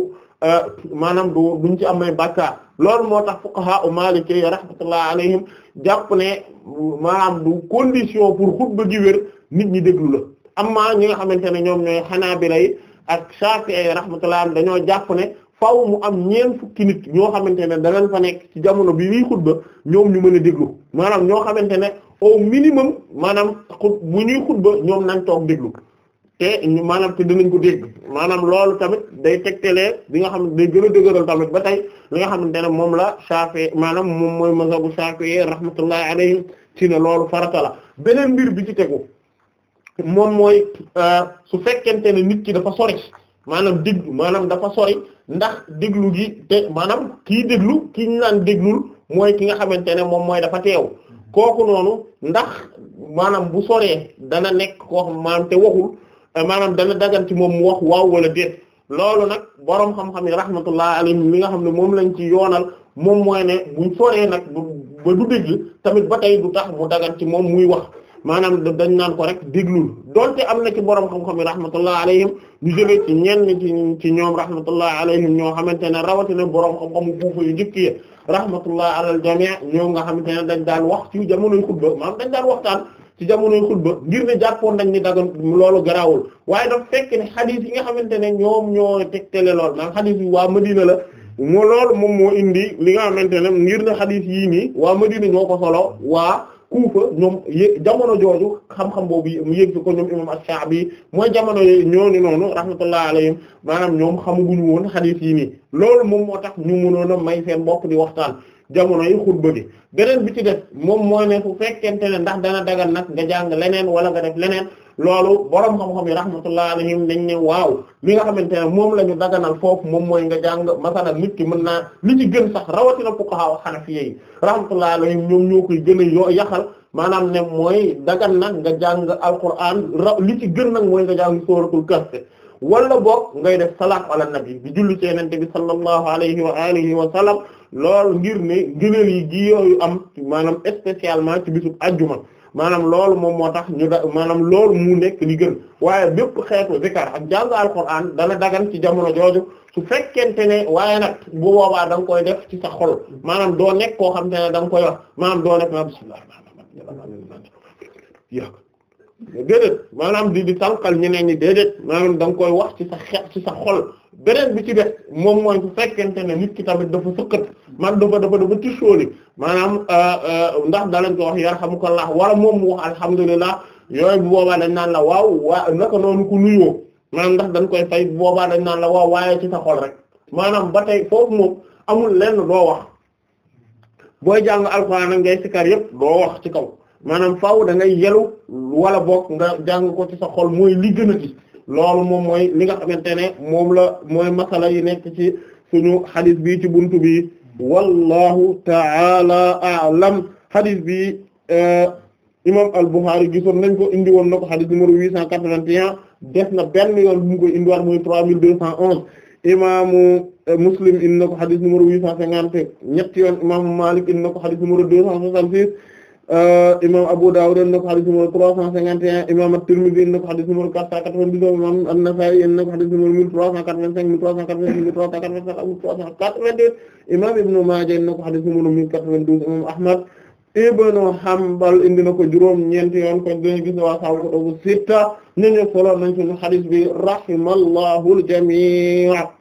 S2: euh, maanaam du duñ ci amay bàkkaar loolu moo tax fuqaha u Maliki rahmatullah alayhim jàpp ne maanaam du condition pour xutba gi nit ñi déglu la amma ñi nga xamante ne ñoom ñooy xanaa Hanabila yi ak Shafi'i rahmatullah dañoo jàpp ne faaw mu am ñeent fukki nit ñoo xamante ne danañ fa nekk ci jamono bi ñuy xutba ñoom ñu mën a déglu maanaam ñoo xamante ne au minimum maanaam xut bu ñuy ñoom nañ toog déglu te maanaam te dinañ ko dégg maanaam loolu tamit day tegtalee bi nga xam ne day gën a ba tey nga xamante ne moom la Shafi'i maanaam moom mooy mazhabu Shafi'i rahmatullahi alayhi ci ne loolu farata la beneen mbir bi ci tegu moom mooy euh, su fekkente ne nit ki dafa sori maanaam dégg maanaam dafa sori ndax déglu gi te maanaam kii déglu kii ñu naan déglul mooy ki nga xamante ne moom mooy dafa teew kooku noonu ndax maanaam bu soree dana nekk koo xam maanaam te waxul eh, maanaam dana dagan ci moom mu wax waaw wala déet loolu nag boroom xam-xam yi rahmatullah alayhim mi nga xam ne moom lañ ci yoonal moom mooy ne buñ soree nag ba du dégg tamit ba tey du tax mu dagan ci moom muy wax maanaam dañ naan ko rek déglul donte am na ci borom xam-xam yi rahmatullah alayhim ñu jëlee ci ñenn ci ci ñoom rahmatullah alayhim ñoo xamante ne rawatina borom xam-xamu Kuufa yu njëkk yi rahmatullah alal jamii ñoom nga xamante ne dañ daan wax ci jamonoy xutba maanaam dañ daan waxtaan ci jamonoy xutba ngir ne jàppoon nañ ni dagan loolu garawul waaye dafa fekk ne xadiis yi nga xamante ne ñoom ñoo tegtale lool maanaam xadiis yi waa Madina la moo loolu moom moo indi li nga xamante ne ngir ne xadiis yii nii waa Madina ñoo ko solo waa. Kufa ñoom jamono jooju xam-xam boobu yéeg fi ko ñoom imam Ash-Sha'bi mooy jamono yooyu ñooñu noonu rahmatullahi alayhim maanaam ñoom xamaguñu woon xadiis yii nii loolu moom moo tax ñu mënoon a may seen bopp di waxtaan jamono yi xutba gi beneen bi ci def moom mooy ne fu fekkente ne ndax dana dagan nag nga jàng leneen wala nga def leneen loolu borom xam-xam yi rahmatullah alayhim nañ waaw li nga xamante ne moom la ñu daganal foofu moom mooy nga jàng masalan nit ki mën naa li ci gën sax rawatina fuqaha hanafiya yi rahmatullah alayhim ñoom ñoo koy gën a yoo yaxal maanaam ne mooy dagan nag nga jàng alquran ra li gën nag mooy nga jàng suratul kahf wala boog ngay def salaat ala nabi bi julli ci yonent bi sallallahu alayhi wa alihi wa sallam loolu ngir ne gënal yi gi yooyu am maanaam spécialement ci bisub ajjuma maanaam loolu moom moo tax ñu da maanaam loolu mu nekk li gën waaye bépp xeetu zikar ak jàng alquran dana dagan ci jamono jooju su fekkente ne waaye nag bu boobaa da nga koy def ci sa xol maanaam doo nekk koo xam te ne da nga koy wax maanaam doo nekk na bismillah déedéet maanaam di di tànqal ñeneen ñi déedéet maanaam da nga koy wax ci sa ci sa xol beneen bi ci def moom mooy su fekkente ne nit ki tamit dafa sëkkat man dafa dafa dafa tisóoli maanaam euh, euh, ndax da lañ ko wax yarhamukallah wala moom mu wax alhamdulillah yooyu bu boobaa dañ naan la waaw waa naka noonu ku nuyoo maanaam ndax dañ koy fay bu boobaa dañ naan la waaw waaye ci sa xol rek maanaam ba tey foofu moom amul leen doo wax booy jàng alxuraan ngay sikar yépp doo wax ci kaw maanaam faaw dangay ngay yelu wala bokk nga jàng ko ci sa xool mooy li gën loolu moom mooy li nga xamante ne moom la mooy masala yi nekk ci suñu xadis bi ci buntu bi wallahu taala a'lam xadis bi euh, imam al-Bukhari gisoon nañ ko indi woon na ko xadis numéro 881 des na benn yoon bu mu koy indiwaat mooy 3211 imaamu euh, Muslim indi na ko xadis numéro 850 ñetti yoon imaamu Malik indi na ko xadis numéro 266 Euh, imam Abu Dawud indi na ko xadis numéro 351 imam At-Tirmidhi indi na ko xadis numéro 499 imam An-Nasa'i indi na ko xadis numéro 1385 1386 1387 ak 1392 imam Ibn Maaja indi na ko xadis numéro 1092 imam Ahmad ibn Hanbal indi na ko juróom ñeenti yoon kon dañu gis waa saabu ko dogu sitta ñu ñu solo nañ sunu xadis bi rahimallahu al-jami'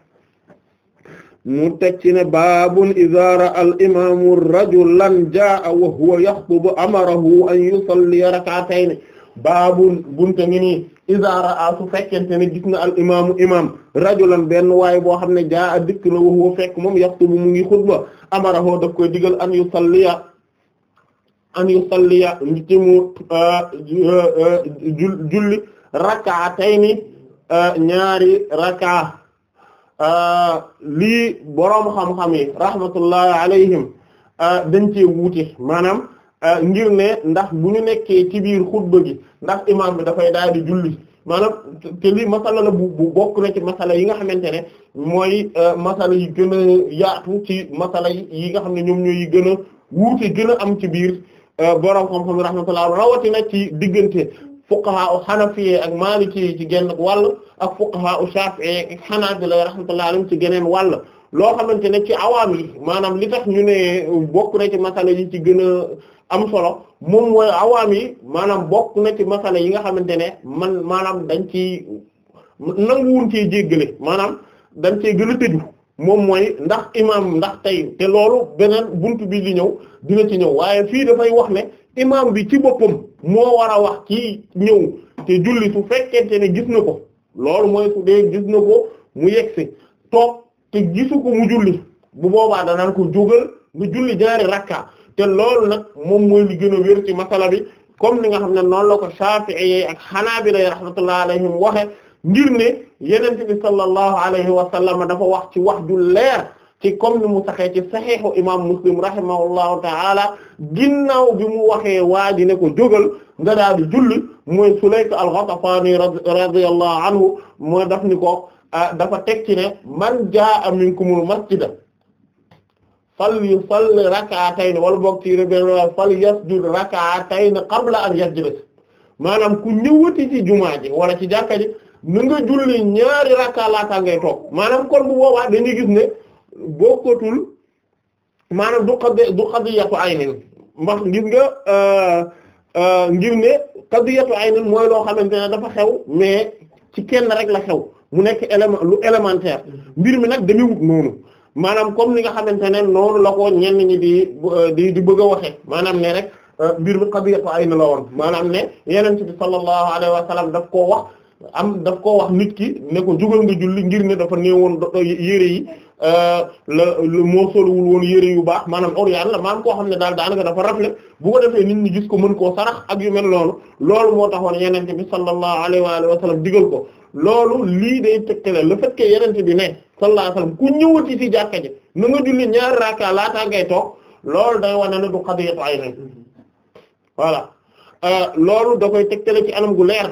S2: mu teg ci ne baabun iza ra'a al imaamu rajulan jaa'a wa huwa yaxtubu amarahu an yusalli rak'atayn baabun bunte ngi nii iza ra'a su fekkente ne gis na al imaamu imaam rajulan benn waaye boo xam ne jaa'a dikk na wa huwa fekk moom yaxtubu mu ngi xutba amarahu daf koy digal an yusalliya an yusalliya ci mu ah, ah, julli rak'atayn ah, ñaari rak'a Euh, lii boroom xam-xam yi rahmatullahi alayhim euh, dañ ci wuute maanaam euh, ngir ne ndax bu ñu nekkee ci biir xutba gi ndax imaam bi dafay daal di julli maanaam te lii masala la bu bokk na ci masala yi nga xamante ne mooy masala yi gën a yaatu ci masala yi nga xam ne ñoom ñooy gën a wuute gën a am ci biir boroom xam-xam rahmatullahi rawatina ci diggante fuqaha u xanafiye ak maliki ci genn wàll ak fuqaha u shafi'i ak a rahmatullahi alayhim ci geneen wàll loo xamante ne ci awaam yi maanaam li tax ñu ne bokk na ci masala yi ci gën a am solo moom mooy yi maanaam bokk na ci masala yi nga xamante ne man maanaam dañ ci nanguwun cee jéggale maanaam dañ cee gën tëju moom mooy ndax imam ndax tey te loolu beneen bunt bi li ñëw dina ci ñëw waaye fii dafay wax ne imaam bi ci boppam moo war a wax ci ñëw te julli su fekkente ne gis na ko loolu mooy su dee gis na ko mu yegsi toog te gisu ko mu julli bu boobaa danaan ko jógal mu julli ñaari rakka te loolu nag moom mooy li gën a masala bi comme ni nga xam ne noonu la ko Shafi'i ak Hanabila rahmatullahi alayhim waxe ngir ne yenente bi sallallahu alayhi wa sallam dafa wax ci wax ju leer ci comme ni mu saxee ci saxiixu imam muslim rahimahullahu taala ginnaaw bi mu waxee waa ji ne ko jógal nga daal di julli mooy Sulayk al-Ghatafani radiyallahu anhu moo daf ni ko ah, dafa teg ci ne man jaa minkumul masjida fal yusalli rak'atayn wala boog ci rébénwa fal yasjud rak'atayn qabla an yajlis maanaam ku ñëwati ci jumaa wala ci jàkka ji na nga julli ñaari rakka laata ngay kon bu boobaa dañuy gis boo bokkatul maanaam du xadi ay xadiyatu aynin ndax ngir nga euh, euh, ngir ne xadiyatu aynin mooy loo xamante ne dafa xew mais ci kenn rek la xew mu nekk élément lu élémentaire mbir mi nag demi wut noonu maanaam comme ni nga xamante ne noonu la ko ñenn ñi di euh, di bëgg a waxe maanaam ne rek mbir mi xadiyatu aynin la woon maanaam ne yeneen ci sallallahu alayhi wa daf koo wax am nit ki ne ko jugal nga julli ngir ne dafa néewoon yére yi Euh, la moo solowul woon yëre yu baax maanaam orient la maanaam koo xam ne daal daanaka dafa rafle bu ko defee nit ñi gis ko mën koo sarax ak yu mel loolu lool moo taxoon yenente bi sallallahu alayhi wa sallam digal ko loolu lii day tegtale le fait que yenente bi ne sallallahu alayhi ku ñëwati ci jàkka ji na nga julli ñaari raaka laataa ngay toog loolu day wane ne du xadiyatu ay ne voilà euh, loolu da koy tegtale ci anam gu leer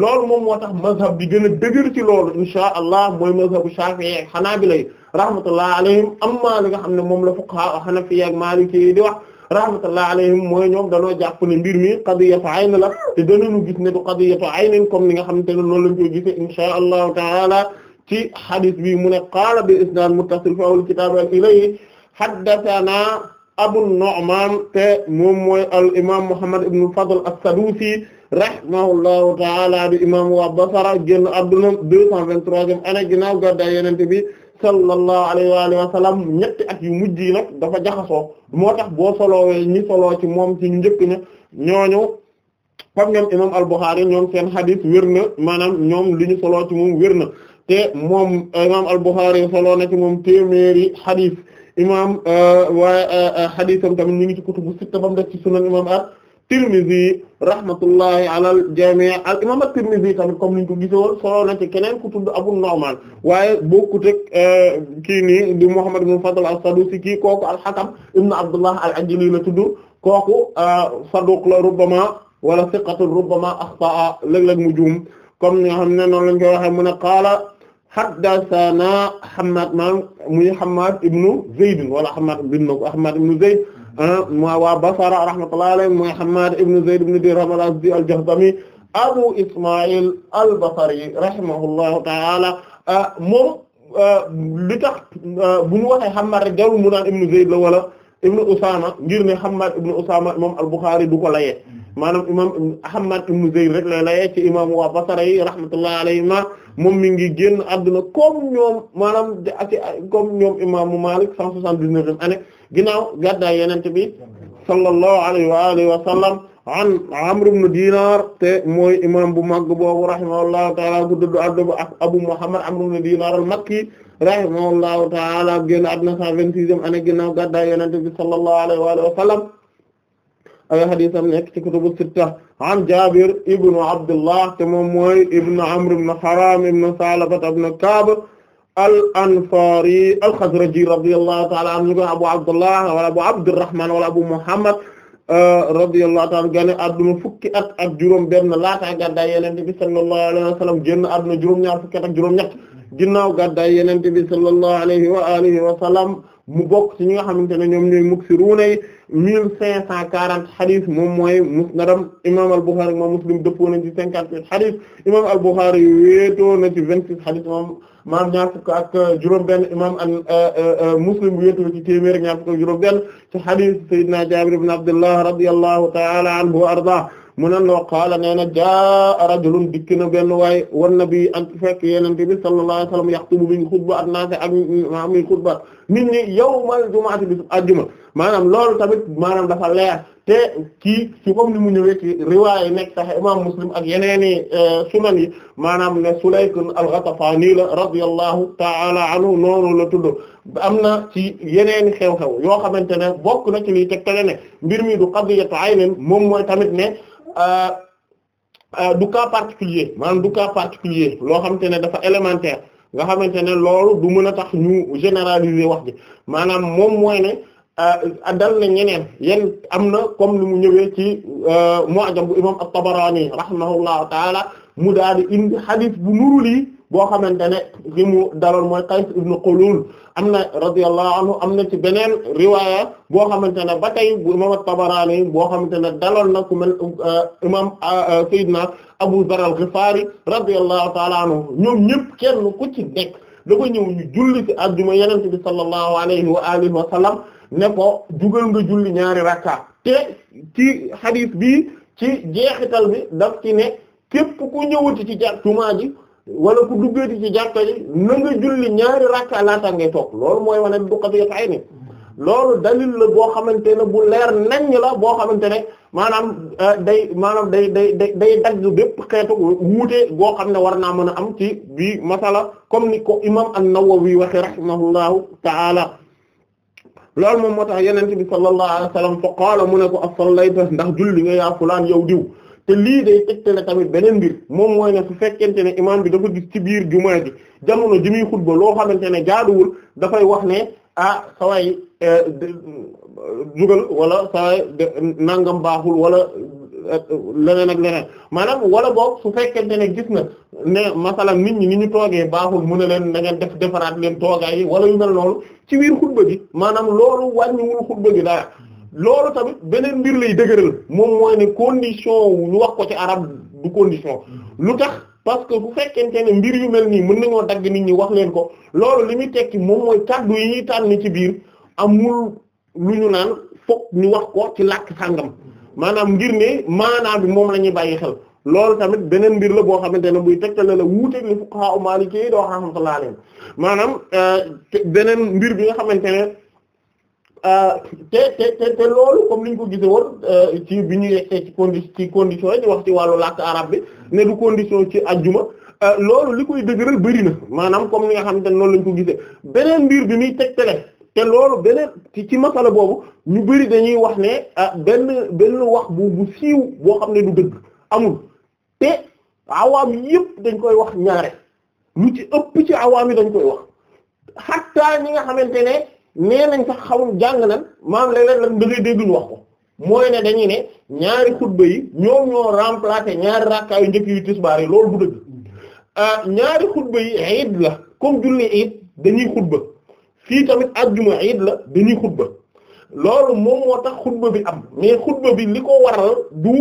S2: loolu moom moo tax mazhab bi gën a dëgër ci loolu insha allah mooy mazhabu Shafi'i ak Hanabila rahmatullah alayhim amma li nga xam ne moom la fuqaha Hanafi ak Maliki di wax rahmatullah alayhim mooy ñoom dañoo jàpp ne mbir mi qadiyatu ayn la te danañu gis ne du qadiyatu aynin comme ni nga xam te ne loolu lañ koy gisee insha allahu taala ci hadith bi mu ne qaala bi isnad muttasil fi awwal kitab ilayhi haddathana Abu Nu'man te moom mooy al imaam Muhammad ibn Fadl as-Sadusi rahimahullahu ta'ala di imaam waa Basra génn àdduna 223e année ginnaaw gàddaay Yonent bi sallallahu alayhi wa alihi wa sallam ñetti at yu mujj yi nag dafa jaxasoo moo tax boo solowee ñi soloo ci moom ci njëkk ña ñooñu comme ñoom imaam al-Bukhari ñoom seen hadith wér na maanaam ñoom li ñu soloo ci moom wér na te moom imaam al-Bukhari soloo na ci moom téeméeri hadith. imaam euh, waaye euh, euh, xadiisam tamit ñu ngi ci kutubu sitta bam def ci sunan imaam at-Tirmidhi rahmatullahi ala al-jami' al-imaam at-Tirmidhi tamit comme niñ ko gisoon solo keneen ku tudd Abu Nu'man waaye bokkut ak kii nii di Muhammad ibn Fadl as-Sadusi kii kooku al-Hakam ibn Abdullah al-Ajli la tudd kooku saduq la rubbama wala thiqatun rubbama akhta'a léeg-léeg mu juum comme ñoo xam ne noonu lañ koy waxee mu ne haddathana Hammad maam muy Hammad ibnu Zayd wala Hammad bin na ko Hammad ibnu Zayd ma waa Basra rahmatullahi alayhi mooy Hammad ibnu Zayd ibnu Dirham al-Azdi al-Jahdami Abu Ismaïl al-Basri rahimahullahu ta'ala moom li tax bu ñu waxee Hammad rek jarul mu naan ibnu Zayd la wala ibnu Usama ngir ne Hammad ibnu Usama imam al-Bukhari du ko layee maanaam imam Hammad ibnu Zayd rek lay layee ci imam waa Basra yi rahmatullahi alayhima moom mi ngi génn àdduna comme ñoom maanaam ci comme ñoom imaamu Maalik cent soixante-dix-neuvième bi sallallahu alayhi wa alihi wa sallam an te mooy imam bu mag boobu rahimahullahu taala ku dëddu addu ba Abu Muhammad Amr ibn Dinar al-Makki rahimahullahu taala génn àdduna cent vingt-sixième année ginnaaw gàddaay yenente bi sallallahu alayhi wa alihi wa sallam ay nekk ci kutubu sitta an Jabir ibnu Abdullah te moom mooy ibnu Amr ibnu Haram ibnu Salaba ibnu Ka'b al-Ansari al-Khazraji radiyallahu ta'ala anhu Abu Abdullah wala Abu Abdurrahman wala Abu Muhammad euh, radiyallahu ta'ala gane adduna fukki at ak juróom benn laata gàddaay Yonent bi sallallahu alayhi wa sallam génn adduna juróom-ñaar fukki at ak juróom-ñett ginnaaw gàddaay Yonent bi sallallahu alayhi wa alihi wa sallam mu bokk ci ñi nga xamante ne ñoom ñooy muksiruuna yi mille cinq cent quarante xadis moom mooy musnadam imam al-Bukhari moom Muslim dëppoo nañ ci cinquante huit xadis imam al-Bukhari y wéetoo na ci vingt six xadis moom maam ñaar fukk ak juróom benn imam euh, euh, euh, Muslim wéetoo ci téeméer ak ñaar fukk ak juróom benn ci xadis Seydina Jaabir ibn Abdullah radiyallahu ta'ala anhu wa arda mu ne loo qaala nee na jaa rajulun dikk na benn waaye wan na bi ak fekk yenente bi sallallahu alayhi wasallam yaxtubu mi ngi xutba ak naase ak ma mi ngi xutba bi àjjuma maanaam loolu tamit maanaam dafa leer te kii ci kom ni mu ñëwee ci nekk tax imam muslim ak yeneeni euh, sunan yi maanaam ne Sulayk al-Ghatafani la radiyallahu ta'ala anhu noonu la tudd am na ci yeneeni xew-xew yoo xamante ne bokk na ci liy tegtale ne mbir mi du qadiyatu aynin moom mooy tamit ne Euh, euh, du cas particulier maanaam du cas particulier loo xamante ne dafa élémentaire nga xamante ne loolu du mën a tax ñu généraliser wax ji maanaam moom mooy ne euh, dal na ñeneen yéen am na comme ni mu ñëwee ci Mu'jam bu imam at-Tabarani rahimahullahu taala mu daal di indi bu nuru boo xamante ne li mu Qays ibn Qulul am na radiyallahu anhu am na ci beneen riwaaya boo xamante ne ba tey bu imam at-Tabarani boo xamante ne daloon na ku mel uh, imam uh, uh, Seydina Abu Dharr al-Ghifari radiyallahu ta'ala anhu ñoom ñëpp kenn ku ci nekk da ko ñëw ñu julli ci àjjuma yenente bi sallallahu alayhi wa alihi wa sallam ne ko jugal nga julli ñaari rakka te ci hadith bi ci jeexital bi daf ci ne képp ku ñëwati ci jàkka jumaa ji wala ku duggeeti ci jàkka ji na julli ñaari rakka laata ngay toog loolu mooy wane du ko def ay ni loolu dalil la boo xamante ne bu leer nañ la boo xamante ne maanaam euh, day maanaam day day day day dagg bépp xeetu wuute goo xam ne war naa mën a am ci bii masala comme ni ko imam an-Nawawi waxe rahimahullahu ta'ala loolu moom moo tax yenente bi sallallahu alayhi wa sallam fa qaala mu ne ko as-sallayta ndax julli nga yaa fulaan yow diw te lii de day tegtale tamit beneen mbir moom mooy ne su fekkente ne imaam bi dafa gis ci biir jumaa ji jamono ji muy xutba loo xamante ne jaaduwul dafay wax ne ah saway jugal eh, wala saway nangam baaxul wala eh, leneen ak leneen maanaam wala boog su fekkente ne gis na ne masalan nit ñi ni ñu toogee baaxul mu ne leen na ngeen def defaraat leen toogaay yi wala yu mel noonu ci biir xutba gi maanaam loolu wàññiwul xutba gi dara loolu tamit beneen mbir lay dëgëral moom mooy ne condition ñu wax ko ci arab du condition lu tax parce que bu fekkente ne mbir yu mel nii mën nañoo dagg nit ñi wax leen ko loolu li muy tekki moom mooy kaddu yi ñuy tànn ci biir amul lu ñu naan fokk ñu wax ko ci làkk sàngam maanaam ngir ne maanaam bi moom la ñuy bàyyi xel loolu tamit beneen mbir la boo xamante ne buy tegtale la wuuteeg li fuqaha Maliki yi doo xam sallallahu alayhi maanaam euh, beneen mbir bi nga xamante ne. Euh, te te te loolu comme ñu ko gisee woon euh, ci bi ñu yegsee ci condi ci condition yi di wax ci wàllu làkk arab bi ne du condition ci ajjuma euh, loolu li koy dëgëral bëri na maanaam comme li nga xam ne noonu lañ ko gisee beneen mbir bi muy tegtale te loolu beneen ci ci masala boobu ñu bëri dañuy wax ne benn benn wax bu bu siiw boo xam ne du dëgg amul te awaam yëpp dañ koy wax ñaare lu ci ëpp ci awaam yi dañ koy wax xattaa ñi nga xamante ne nee nañ sax xamul jàng nan maam léeg-léeg lan da ngay wax ko mooy ne dañuy ne ñaari xutba yi ñoom ñoo remplacer ñaari rakkaa yu njëkk yu tisbaar yi loolu bu dëgg ah, ñaari xutba yi iid la comme julli iid dañuy xutba fii tamit ajjuma iid la dañuy xutba loolu moom moo tax xutba bi am mais xutba bi li ko waral du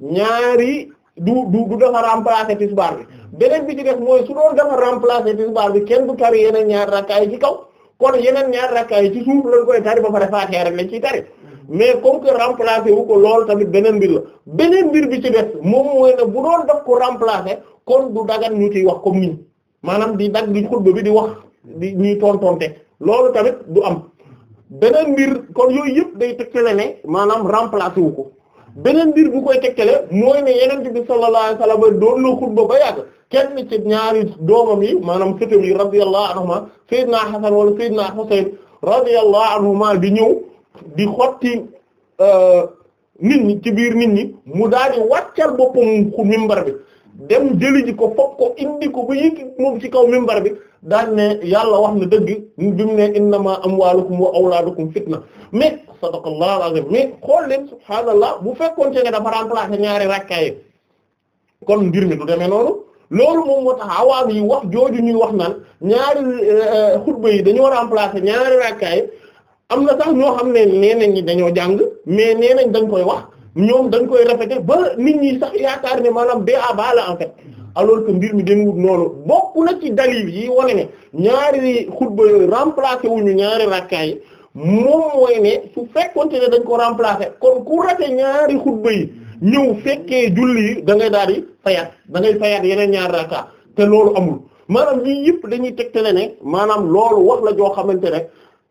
S2: ñaari du du du dafa remplacer tisbaar bi beneen bi ci def mooy su doon dafa remplacer tisbaar bi kenn bu tari yeneen ñaari rakkaa yi ci kaw kon yeneen ñaar rakkaa yi ci suuf lañ koy tari ba pare faatiha rek lañ ciy tari mais comme que remplacer ko loolu tamit beneen mbir la beneen mbir bi ci des moom mooy ne bu doon daf ko remplacer kon du dagan ñu ciy wax comme nii maanaam di dagg di xutba bi di wax di ñuy tontonte loolu tamit du am beneen mbir kon yooyu yëpp day tekkale ne maanaam remplacer wu ko beneen mbir bu koy tekkale mooy ne yeneen bi sallallahu alayhi wasallam doon na xutba ba yàgg kenn ci ñaari doomam yi maanaam sëtam yi radiyallahu anhuma sayyidina Hasan wala sayyidina Husayn radiyallahu anhuma di ñëw di xotti euh, nit ñi ci biir nit ñi mu daal di wàccal boppam ku mimbar bi dem jëli ko foog ko indi ko ba yëkki moom ci kaw mimbar bi daan ne yàlla wax na dëgg bi mu ne innama amwalukum wa awladukum fitna mais sadaqallahu alazim mais xool leen subhaanallah bu fekkoon ci ne dafa remplacer ñaari rakkaay kon mbir du demee noonu loolu moom moo tax a awaam yi wax jooju ñuy wax naan ñaari euh, euh, xutba yi dañoo remplacer ñaari rakkaay am na sax ñoo xam ne nee nañ ñi dañoo jàng mais nee nañ dañ koy wax ñoom dañ koy rafete ba nit ñi sax yaakaar ne maanaam ba à ba la en fait alors mbir mi demewut noonu bokk na ci dalil yi wane ne ñaari xutba yooyu remplacer wuñu ñaari rakkaay yi moom mooy ne su fekkonte ne dañ ko remplacer kon ku rate ñaari xutba yi ñëw fekkee julli da ngay daal di fayaat da ngay fayaat yeneen ñaar raka te loolu amul maanaam lii yëpp dañuy tegtale ne maanaam loolu wax la joo xamante ne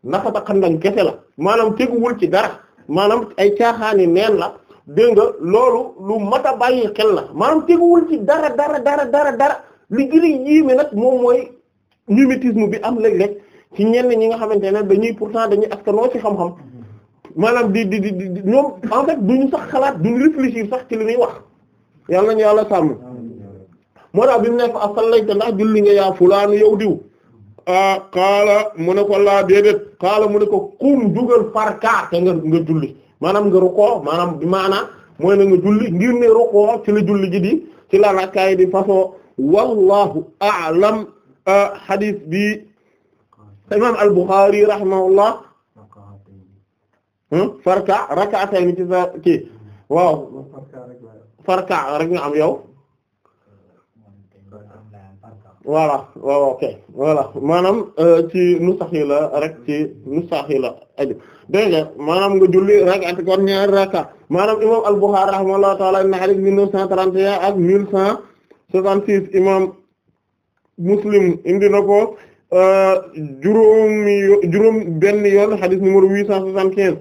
S2: nafata xandaŋ kese la maanaam teguwul ci dara maanaam ay caaxaani neen la dégg nga loolu lu mat a bàyyi xel la maanaam teguwul ci dara dara dara dara dara li gën a yéeme nag moom mooy mimétisme bi am léeg-léeg ci ñeen ñi nga xamante ne dañuy pourtant dañuy askanoo ci xam-xam maanaam di di di ñoom en fait duñu sax xalaat wax yàlla nañu yàlla sàmm moo tax bi mu nekk ak sallayta ndax julli nga yaa fulaan yow diw xaala mu ne ko laa déedéet xaala mu ne ko kum jugal farka te nga nga julli maanaam nga rukkoo maanaam bi maanaa mooy na nga julli ngir ne rukkoo ci la julli ji di ci la rakkaay di façon wallahu a'lam hadith bi imam al-Bukhari rahimahullah Hmm? farka raka tay ni ci sa kii am yow voilà waaw ok voilà maanaam euh, ci nu sax la rek ci nu sax yi la aju dégg nga maanaam nga julli raka at kon ñaari raka maanaam imam al-Bukhari rahimahullahu ta'ala inna hadith mille neuf cent trente un ak mille cent soixante-six imam Muslim indi na ko euh, juróomi juróom benn yoon hadith numéro huit cent soixante-quinze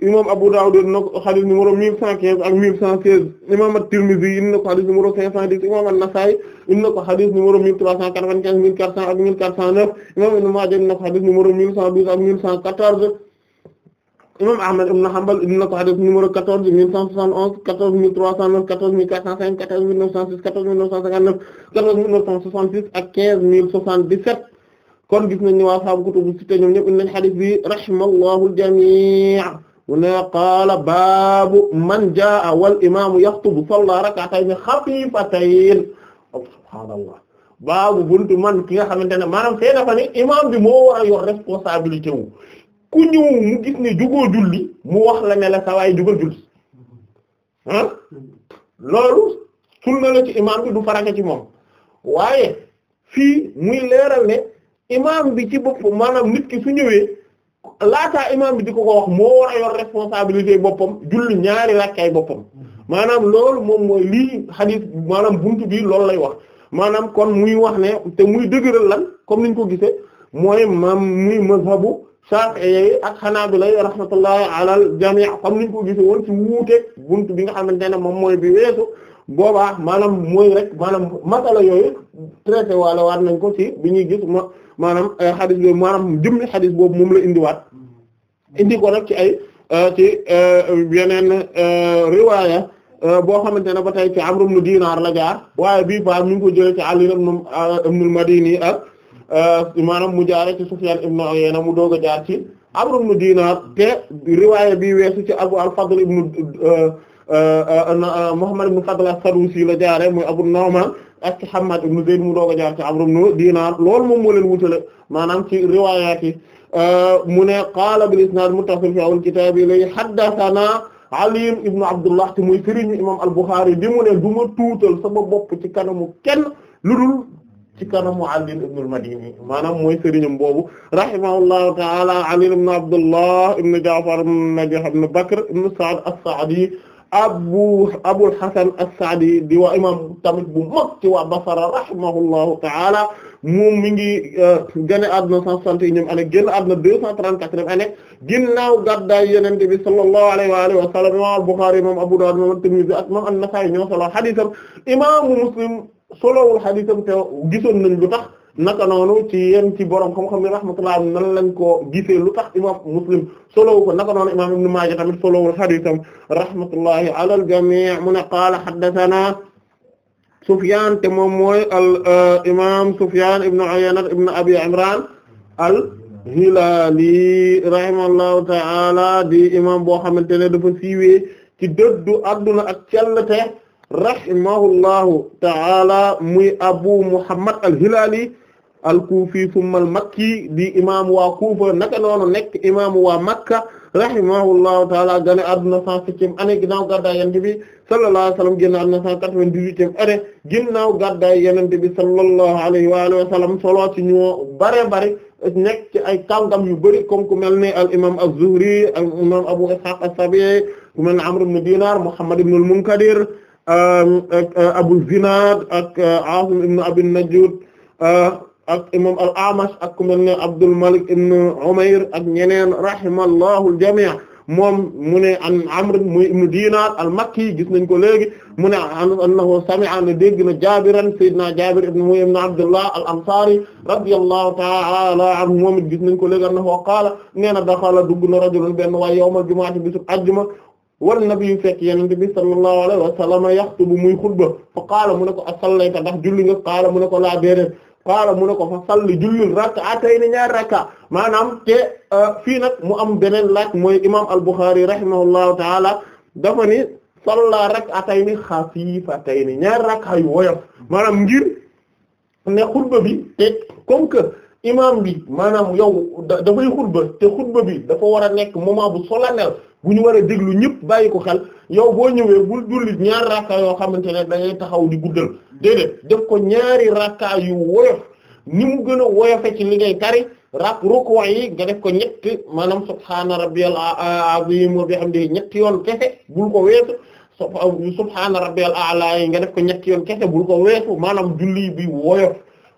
S2: imam Abu Dawud in na ko xadis numéro mille cent quinze ak mille cent seize imam At-Tirmidhi in na ko xadis numéro cinq cent dix imam An-Nasa'i in na ko xadis numéro mille trois cent quatre-vingt-quinze mille quatre cent ak mille quatre cent neuf imam Ibn Majah in na ko xadis numéro mille cent douze ak mille cent quatorze imam Ahmad ibn Hanbal in na ko xadis numéro quatorze mille cent soixante onze quatorze mille trois cent neuf quatorze mille quatre cent cinq quatorze mille neuf cent six quatorze mille neuf cent cinquante-neuf quatorze mille neuf cent soixante-six ak quinze mille soixante-dix-sept kon gis nañ ne waa saabu kutubu sitta ñoom ñëpp in nañ xadis bi rahimallahu al-jami' ne qaala baabu man jaa wal imaamu yaxtubu salla rak'atayn xafiifatayn subhaanallah baabu buntu man ki nga xamante ne maanaam fee dafa ni imaam bi moo war a yor ku ñëw mu gis ne jugoo julli mu wax ne la sa waay julli ah loolu sunna imaam bi du faraka ci waaye fii muy leeral ne imaam bi ci bopp maanaam nit su ñëwee. laataa imaam bi di ko ko wax moo war a yor responsabilité boppam julli ñaari rakkaay boppam maanaam loolu moom mooy lii xadiis maanaam buntu bi loolu lay wax maanaam kon muy wax ne te muy dëgëral lan comme niñ ko gisee mooy maam muy mazhabu Shafi'i ak xanaa Hanabila rahmatullahi alal jami' comme niñ ko gisee woon ci wuute buntu bi nga xamante ne moom mooy bi weesu boobaa maanaam mooy rek maanaam masala yooyu traité waale waat nañ ko ci bi ñuy gis ma maanaam xadis euh, boobu maanaam jëmmi xadis boobu moom la indiwaat indi ko nag ci ay euh, ci euh, yeneen euh, riwaaya boo xamante ne ba ci Amr ibn Dinar la jaar waaye bii paa mi ngi ko jëlee ci Ali ibn al-Madini ak maanaam mu jaare ci Sufyan ibn Uyayna mu doog a jaar ci Amr ibn Dinar te riwaaya bi weesu ci Abu al-Fadl ibn Muhammad ibn Fadl as-Sadusi la jaare muy Abu Nu'man ak ci Hammad ibn Zayd mu doog a jaar ci Amr ibn Dinar loolu moom moo leen wutale maanaam ci riwaayaat yi mu ne qaala bil isnaad muttasil fi awwal kitaab ilay haddasanaa Ali ibn Abdullah te muy sëriñu imaam al-Bukhari di mu ne du ma tuutal sama bopp ci kanamu kenn lu dul ci kanamu Ali ibn al-Madini maanaam mooy sëriñam boobu rahimahullahu ta'ala Ali ibn Abdullah ibn Ja'far ibn Nabiih ibn Bakr ibn Sa'd as-Sa'di abu abul hasan as-saadi di wa imam tamit bu mag ci waa basara rahimahullahu taala moom mi ngi uh, gane àdduna cent soixante et unième année génn àdduna deux cent trente-quatrième année ginnaaw gàddaay yonent bi sallallahu alayhi wa alihi wa sallam imam al-Bukhari imam Abu Dawud imam at-Tirmidhi ak imam an-Nasa'i ñoo solo xadisam imaamu Muslim solowul te gisoon nañ lu tax naka noonu ci yenn ci borom xam-xam ni rahmatullah nan ko gisee lu tax imam muslim solowu ko naka noonu imam ibn Maaja tamit solowul xadiisam rahmatullahi ala al jamii mu ne qaala haddathana Sufyaan mooy al euh, imam Sufyaan ibn Uyayna ibn Abi Imraan al Hilaali rahimahullahu ta'ala di imam boo xamante ne dafa siiwee ci dëddu adduna ak cellte rahimahullahu ta'ala muy Abu Muhammad al Hilaali al-Kufi thumma al-Makki di imaamu waa Kufa naka nekk imaamu waa Makka rahimahullahu taala gane adduna cent septième année ginnaaw gàddaay yonent bi sallallahu alayhi wa sallam génn adduna cent quatre-vingt-dix-huitième année ginnaaw gàddaay yonent bi sallallahu alayhi wa alihi wa sallam solo ci ñoo bare bare nekk ci ay kàngam yu bari comme ku mel ne al imam az-Zuhri al imam Abu Ishaq as-Sabi'i ne Amr ibn Dinar Muhammad ibn al um, uh, Abu Zinad ak uh, Asim ibn Abi uh, ak imam al-Amash ak ku mel ne Abdul Malik ibn Umayr ak ñeneen rahimallahu al-jami' moom mu ne an Amr muy ibn Dinar al-Makki gis nañ ko léegi mu ne annahu sami'a na dégg na Jaabiran sayyidina Jaabir ibn muy ibn Abdullah al-Ansari radiyallahu ta'ala anhu moom it gis nañ ko léegi annahu qaala nee na daxala dugg na rajulun benn waay yawmal jumu'ati bisub ajjuma war nabi fekk yenente bi sallallahu alayhi wa sallam yaxtubu muy xutba fa qaala mu ne ko asallayka ndax julli nga qaala mu ne ko laa déedéet qaala mu ne ko fa salli jullil rak'atayn ñaari rakka maanaam te euh, fii nag mu am beneen laaj mooy imam al-Bukhari rahimahullahu taala dafa ni salla rak'atayn xafiifatayn ñaari rakka yu woyof maanaam ngir ne xutba bi te comme que imam bi maanaam yow dafay xutba te xutba bi dafa war a nekk moment bu solennel bu ñu war a déglu ñëpp bàyyi ko xel yow boo ñëwee bul julli ñaar rakka yoo xamante ne da ngay taxaw di guddal déedéet def ko ñaari rakka yu woyof ni mu gën a woyofe ci li ngay tari rak ruku yi nga def ko ñetti maanaam subhaana rabbiyal azim wa bihamdihi ñetti yoon kese bul ko weesu subhaana rabbiyal a'la yi nga def ko ñekk yoon kese bul ko weesu maanaam julli bi woyof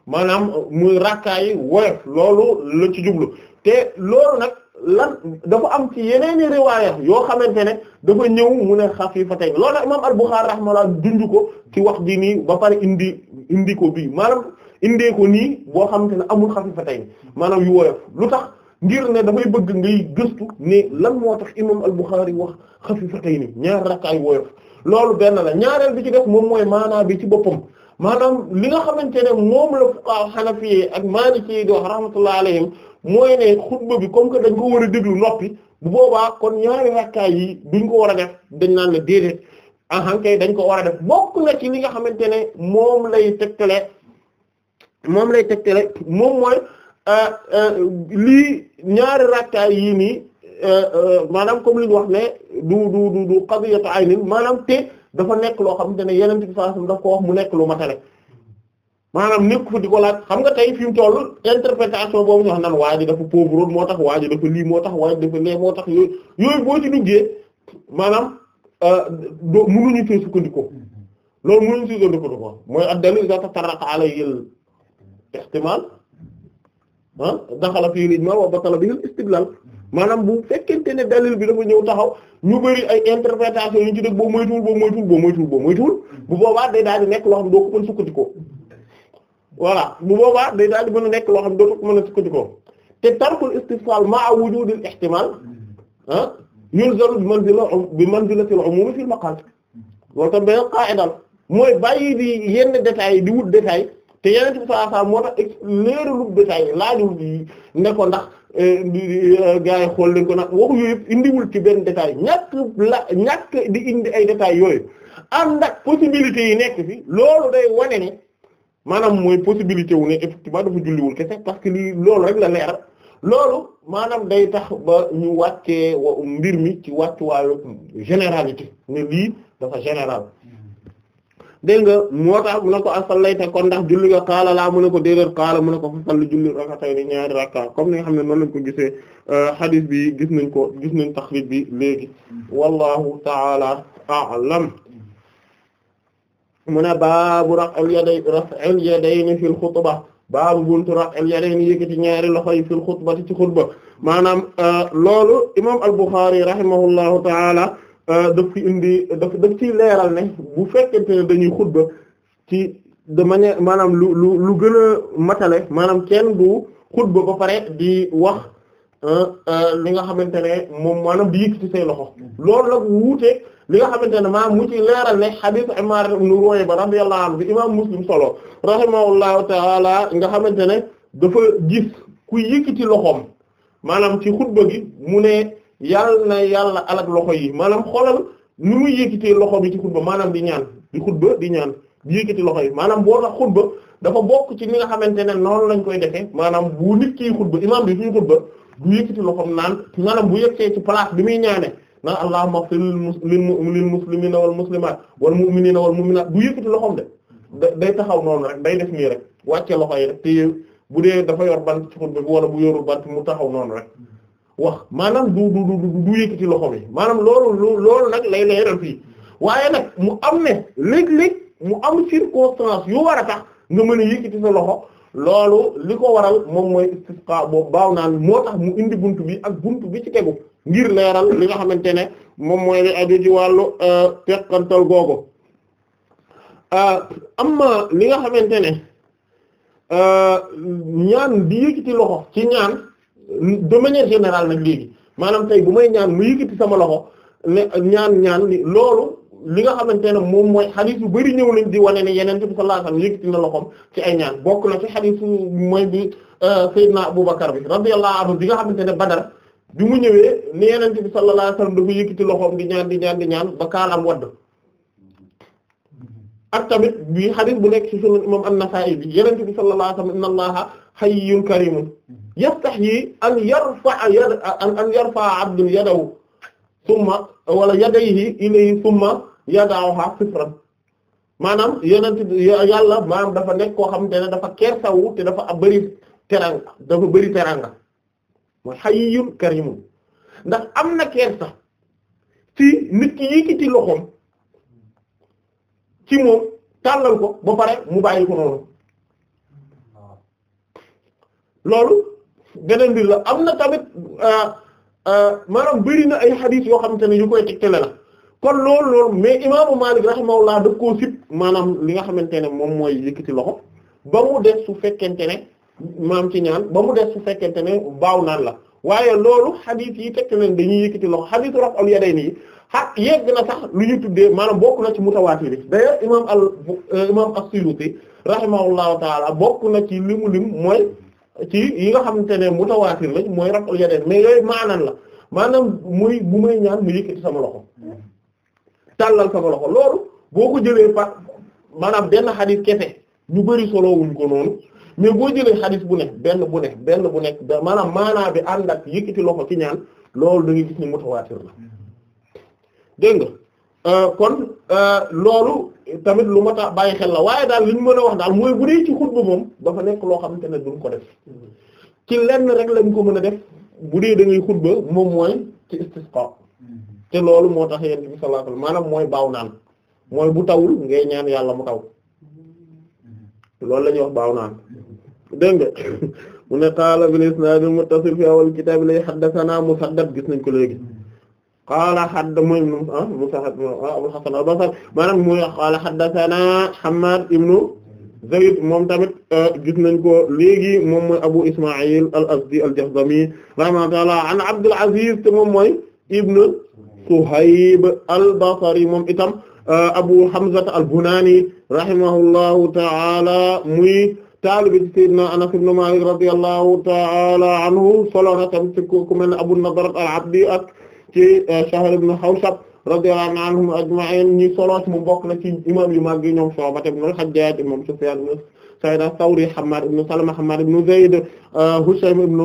S2: maanaam muy rakka yi woyof loolu la ci jublu te loolu nag lan dafa am ci yeneen i riwaaya yoo xamante ne dafa ñëw mu ne xafiifatayni loolu nag imaam al-Bukhari rahimahullah dund ko ci wax ji nii ba pare indi indi ko bi maanaam indeeko ko nii boo xamante ne amul xafiifatayni maanaam yu woyof lu tax ngir ne damay bëgg ngay gëstu ne lan moo tax imaam al-Bukhari wax ni ñaar rakkaay woyof loolu benn la ñaareel bi ci def moom mooy maanaa bi ci boppam maanaam li nga xamante ne moom la fuqahaa Hanafi ak Maaliki yi di wax mooy ne xutba bi comme que dañ ko war a déglu noppi bu boobaa kon ñaari rakkaay yi duñ ko war a def dañ naan la déedéet ahankay dañ ko war a def na ci li nga xamante ne moom lay tegte moom lay tegtale moom mooy euh, euh, lii ñaari rakkaay yii nii euh, maanaam comme li ñu wax ne du du du du qadiyatu aynin maanaam te dafa nekk loo xamante ne yeneen ci saa daf ko wax mu nekk lu matale maanaam nekk fa di ko xam nga tey fi mu toll interprétation boobu ñu wax naan waa ji dafa pauvre moo tax waa ji dafa lii moo tax waa ji dafa lee moo tax yooyu yooyu boo ci duggee maanaam euh, doo mënuñu ci sukkandiku loolu mënuñu ci sukkandiku mooy ad-dalil iza tatarraqa alayhi al-ihtimal ah daxala fii al-ijmal wa batala bihi al-istidlal maanaam bu fekkente ne dalil bi dafa ñëw taxaw ñu bëri ay interprétation yu ñu ci dëgg boo moytuwul boo moytuwul boo moytuwul boo moytuwul bu boobaa day daal di nekk loo xam doo ko mën sukkandikoo voilà bu boobaa day daal di mën a nekk loo xam dootu mën a sukkandikoo te tarkul istifsal ma'a wujudil ihtimal ah yulzamu bi manzila bi manzilatil umum fil maqal loolu tam benn qa'ida mooy bàyyi di yenn détails yi di wut détail te yeneen ci saa saa moo tax leeralu détail laajul ne ko ndax eh, eh, gars xool leen ko nag waxu yooyu yëpp indiwul ci benn détail ñàkk la ñàkk di indi ay détails yooyu ànd ak possibilités yi nekk fi loolu day wane ne. maanaam mooy possibilité wu ne effectivement dafa julliwul kese parce que lii loolu rek la leeral loolu maanaam day tax ba ñu wàccee mbir mi ci wàccuwaayu généralité ne lii dafa général dégg nga moo tax mu ne ko asallayte kon ndax julli nga kaala laa mu ne ko déedéet xaala mu ne ko fa salli julli rakatay ni ñaari rakka comme ni nga xam ne noonu lañ ko gisee euh, hadith bi gis nañ ko gis nañ taxrib bi léegi mm. wallahu ta'ala a'lam mu ne baabu raf'il yaday raf'il yadayni fil xutba baabu buntu raf'il yadayni yëkkati ñaari loxo yi fil xutba ci xutba maanaam euh, loolu imaam al-Bukhari rahimahullahu ta'ala euh, daf fi indi daf daf ciy leeral ne bu fekkente ne dañuy xutba ci de manière maanaam lu lu lu gën a matale maanaam kenn bu xutba ba pare di wax euh, li nga xamante ne moom maanaam di yëkkati say loxo mm-hmm. loolu nag wuute. li nga xamante ne maam mu ci leeral ne hadith Imaar ibn Ruwayba radiyallahu anhu bi imaam Muslim solo rahimahullahu ta'ala nga xamante ne dafa gis ku yëkkati loxoom maanaam ci xutba gi mu ne yàlla na yàlla alak loxo yi maanaam xoolal ni muy yëkkatee loxo bi ci xutba maanaam di ñaan di xutba di ñaan di yëkkati loxo yi maanaam boo tax xutba dafa bokk ci ni nga xamante ne noonu lañ koy defee maanaam bu nit kiy xutba imaam bi fi xutba du yëkkati loxoom naan maanaam bu yëkkee ci place bi muy ñaane naan allahumma ighfir lil muslimiina wal muslimaat wal mu'miniina wal mu'minaat bu yëkkati loxoom de day taxaw noonu rek day def nii rek wàcce loxo yi rek te bu dee dafa yor bant ci xutba bi wala bu yorul bant mu taxaw noonu rek wax maanaam du du du du yëkkati loxo bi maanaam loolu loolu nag lay leeral fii waaye nag mu am ne léeg-léeg mu am circonstance yu war a tax nga mën a yëkkati sa loxo. loolu li ko waral moom mooy istisqa boobu baaw naan moo tax mu indi buntu bi ak buntu bi ci tegu ngir leeral li nga xamante ne moom mooy li aju ci wàllu euh, teqantal googu euh, amma li nga xamante ne euh, ñaan di yëkkati loxo ci ñaan de manière générale nag léegi maanaam tey bu may ñaan mu yëkkati sama loxo ne ñaan ñaan loolu li nga xamante ne moom mooy xadis bari ñëw nañ di wane ne yeneen bi sallallahu alayhi wasallam yëkkati na loxoom ci ay ñaan bokk na ci xadisu mooy bi euh, Seydina Abubakar bi radiyallahu anhu bi nga xamante ne Badar bi mu ñëwee ni yeneen bi sallallahu alayhi wasallam dafa yëkkati loxoom di ñaan di ñaan di ñaan ba kaalam wadd tamit bi xadis bu nekk ci sunan imam an-Nasa'i bi yeneen bi sallallahu alayhi wasallam inna allaha hayyun karimun yastahyi an yarfa'a yad an yarfa'a abdun yadahu summa wala yadaawaha sifran maanaam yonent yàlla maanaam dafa nekk koo xam xamante ne dafa kersawu te dafa bëri bari dafa bëri teranga mooy hayyun karimun ndax am na kersa ci nit ki yëkkati loxoom ci moom tàllal ko ba pare mu bàyyi ko noonu loolu beneen mbir la am na tamit euh, euh, maanaam bëri na ay xadiis yoo xamante ne yu koy tegtale la kon loolu lool mais imaamu Maalik rahimahullah daf koo sib maanaam li nga xamante ne moom mooy yëkkati loxo ba mu des su fekkente ne maam ci ñaan ba mu des su fekkente ne baaw naan la waaye loolu xadiis yi tekk leen dañuy yëkkati loxo xadiisu raf'ul yadayni yi xa yegg na sax lu ñu tuddee maanaam bokk na ci mutawaatir yi d'ailleurs imaam al euh, imaam as-Suyuuti rahimahullahu taala bokk na ci limu lim mooy ci yi nga xamante ne mutawaatir lañ mooy raf'ul yadayni mais yooyu maanaan la maanaam muy bu may ñaan mu yëkkati sama loxo tàllal sama loxo loolu boo ko jëlee par maanaam benn xadis kese ñu bari solo wuñ ko noonu mais boo jëlee xadis bu nekk benn bu nekk benn bu nekk maanaam maanaa bi ànd ak yëkkati loxo ci ñaan loolu da gis ni mutawaatir la dégg nga euh, kon euh, loolu tamit lu ma ta bàyyi xel la waaye daal li ñu mën a wax daal mooy bu dee ci xutba moom dafa nekk loo xamante ne duñ ko def ci lenn rek lañ ko mën a def bu dee da ngay xutba moom mooy ci istisqa hmm. te loolu moo tax yonent bi mooy baaw naan mooy bu tawul ngay ñaan yàlla mu taw loolu la ñuy baaw naan dégg nga mu ne qaala bil isnaad al Musaddad gis nañ ko léegi qaala hadda mooy ah Musaddad ah Abul Hasan al-Basri maanaam mooy qaala haddathana Hammad ibnu Zayd moom tamit euh, gis nañ ko léegi moom mooy Abu Isma'il al-Azdi al-Jahdami rahimahullah ta'ala an Abdul Aziz te moom mooy ibnu Suhayb al-Basri moom itam euh, Abu Hamza al-Bunani rahimahullahu ta'ala muy taalibi ci Sayyidina Anas ibn Malik radiyallahu ta'ala anhu solo na tam ci ku mel ne Abu Nadrat al-Abdi ak ci euh, Shahr ibn Hawshab radiyallahu anhum ajma'in ñi solo ci mu bokk na ci imam yu mag yi ñoom Shu'ba ibn al-Hajjaj imam Sufyan Saïd as-Sawri Hammad ibn Salama Hammad ibn Zayd euh, Husaym ibn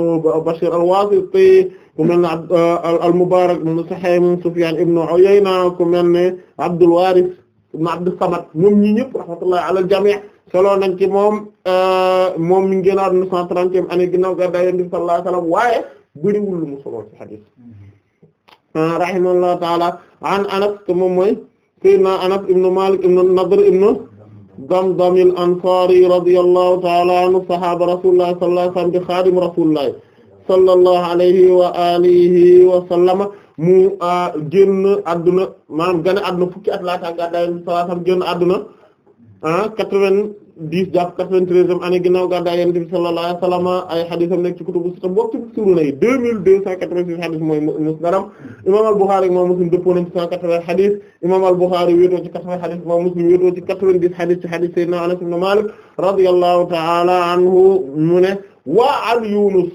S2: Bashir al-Wasiti ku mel ne euh, al-Mubarak ibn Sahaym Sufyan ibn Uyayna ku mel ne Abdul Waris ibn Abdus Samad ñoom ñi ñëpp rahmatullahi ala al-jami' solo nañ ci moom euh, moom mi ngi génnaat neuf cent trentième année ginnaaw gàddaay Yonent bi sallallahu alayhi wa sallam waaye bëriwul lu mu solo ci hadith
S1: mm-hmm.
S2: ah, rahimahullahu ta'ala an Anas te moom mooy sayyidina Anas ibn Malik ibn Nadr ibn Damdam al-Ansari radiyallahu ta'ala anhu sahaaba rasulullah sallallahu alayhi wa sallam di xaadim rasulullah sallallahu alayhi wa alihi wa sallama mu ah, génn adduna maanaam gane adduna fukki at laata gàddaay sallallahu alayhi wa sallam génn adduna ah quatre-vingt-dix jàpp quatre-vingt-treizième année ginnaaw gàddaay Yonent bi sallallahu alayhi wa sallam ay xadisam nekk ci kutubu sitta bokk ci suuna yi deux mille deux cent quatre-vingt-six xadis mooy musnadam imaam al-Bukhari Muslim dëppoo quatre-vingts xadis imaam al-Bukhari ci quatre-vingts xadis imaam Muslim wéetoo ci quatre-vingt-dix xadis ci xadis Anas ibn Malik radiyallahu ta'ala anhu mu ne waa al Yunus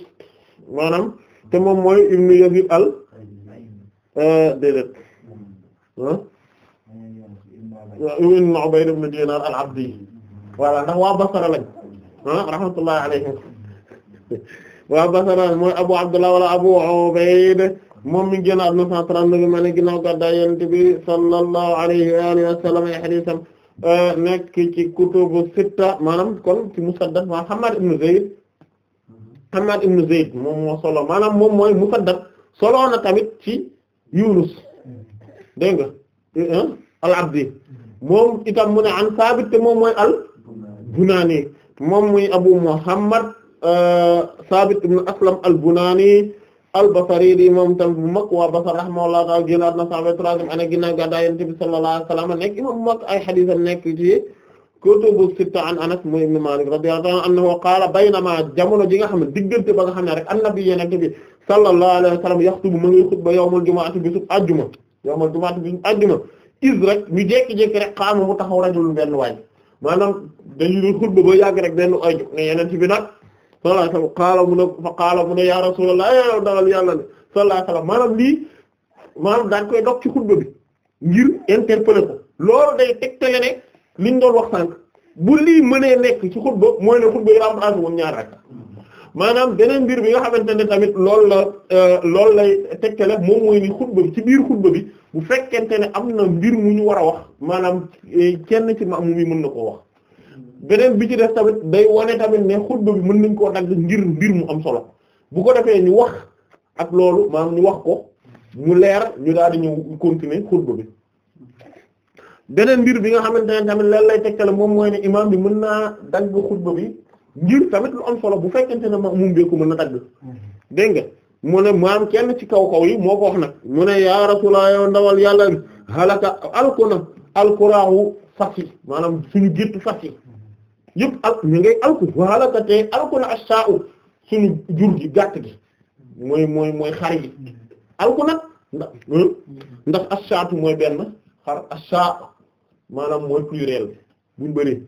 S2: maanaam te moom mooy ibnu Yazid al ibn Ubayd ibn Dinar al-Abdi voilà ndax waa Basra lañ ah rahmatullahi alayhim waa Basra mooy Abu Abdullah wala Abu Ubayd moom mi ngi génn àdduna 139 ma ne ginnaaw gàddaay Yonent bi sallallahu alayhi wa alihi wa sallam ay hadiisam eh, nekk ci kutubu sitta maanaam kon ci Musaddad ma Hammad ibn Zayd Hammad ibn Zayd moom moo solo maanaam moom mooy Musaddad solo na tamit ci Yunus dégg nga eh, eh? al abdi moom itam mu ne an saabit te moom mooy al bunaani moom muy abu muhammad euh, saabit ibn aslam al bunaani al basri di moom tam bu mag waa basar rahimahullahu ta'ala génn àdduna cent vingt-troisième année ginnaaw gàddaay Yonent bi sallallahu alayhi wa sallam nekk imam bu mag ay xadiisam nekk ci kutubu sitta an anas mu ibn malik radiyallahu ta'ala anhu qaala baynama jamono ji nga xam ne diggante ba nga xam ne rek annabi Yonent bi sallallahu alayhi wa sallam yaxtubu ma ngi xutba yawmul jumu'ati bisub ajjuma yawmul jumu'ati bisub ajjuma is rek ñu jékki-jékki rek xaama mu taxaw rajul benn waay maanaam dañu doon xutba ba yàgg rek benn aju ne yeneen ci bi nag sallallahu alayhi wasallam xaala mu ne fa xaala mu ne ya rasulullah eh, yow dawal yàlla ne lii maanaam daan koy dox ci xutba bi ngir interpeller ko loolu day tegtale ne liñ doon wax sànq bu lii mënee nekk ci xutba mooy ne xutba yi remplacé woon ñaar rek maanaam beneen mbir bi nga xamante ne tamit lool la euh, loolu lay tegtale moom mooy ni xutba bi ci biir xutba bi bu fekkente ne am na mbir mu ñu war a wax maanaam eh, kenn ci maamu mi mën na koo wax beneen bi ci def tamit day wane tamit ne xutba bi mën nañ koo dagg ngir mbir mu am solo bu ko defee ñu wax ak loolu maanaam ñu wax ko mu leer ñu daal di ñëw continuer xutba bi beneen mbir bi nga xamante ne tamit lan lay tegtale moom mooy ne imaam bi mën naa dagg xutba bi ngir tamit lu am solo bu fekkente ne ma'mum bi ko mën na dagg mm-hmm. dégg nga mu ne maam kenn ci kaw kaw yi moo ko wax nag mu ne yaa rasulullah yow ndawal yàlla halaka mm-hmm. halaka te alku na gi gàtt gi mooy mooy xar yi mm-hmm. alku nag mooy benn xar ashaa bëree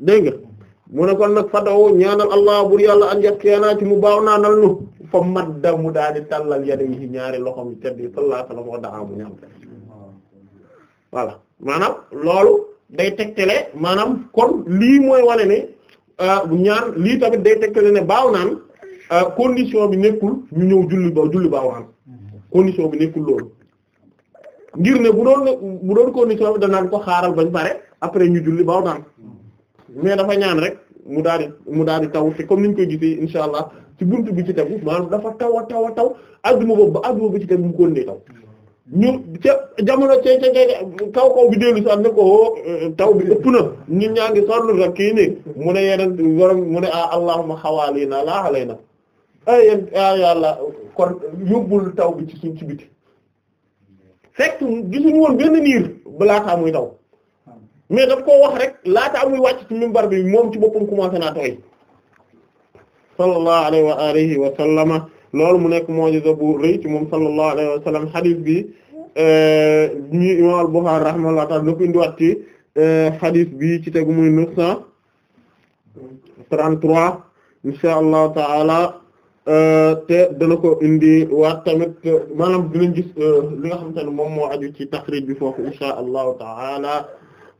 S2: dégg mu ne kon nag fadaw ñaanal allah bur yàlla an yattiyanaa ci mu baaw naanal nu fa madda mu daal di tàllal yade yi ñaari loxom yi tedd yi sallallahu alayhi wa sallam mu ñaan voilà maanaam loolu day tegtale maanaam kon lii mooy wane ne ah, ñaan lii tamit day tegtale ne baaw naan ah, condition bi nekkul ñu ñëw julli ba julli baaw naan condition bi nekkul loolu ngir ne bu doon bu doon condition bi danaan ko xaaral bañ pare après ñu julli baaw naan mais dafa ñaan rek mu daal mu daal di taw te comme niñ koy gisee insha allah ci bunt bi ci tegu maanaam dafa taw a taw a taw adduma boobu ba adduma bi ci tegu mu ko nee taw ñu ca jamono cee cee kaw kaw bi dellu ne ko oh, euh, taw bi ëpp na nit ñaa ngi sonn rek kii nii mu ne yeneen borom mu ne a ah, allahumma xawaalina laa alayna ay yéen ah yàlla kon yóbbul taw bi ci suñ ci biti fekk gisuñu woon benn niir balaa taa muy taw. mais daf koo wax rek laata muy wàcc ci minbar bi moom ci boppam commencé naa tooy sallallahu alayhi wa alihi wa sallama loolu mu nekk mu'jiza bu rëy ci moom sallallahu alayhi wa sallam hadith bi euh, ñi imam al-Bukhari rahimahullah ta'ala dafa indiwaat ci euh, hadith bi ci tegu muy neuf cent trente-trois insha allah taala euh, te dana ko indi waat tamit maanaam dinañ gis li nga xamante ne moom moo aju ci taxrij bi foofu insha allah taala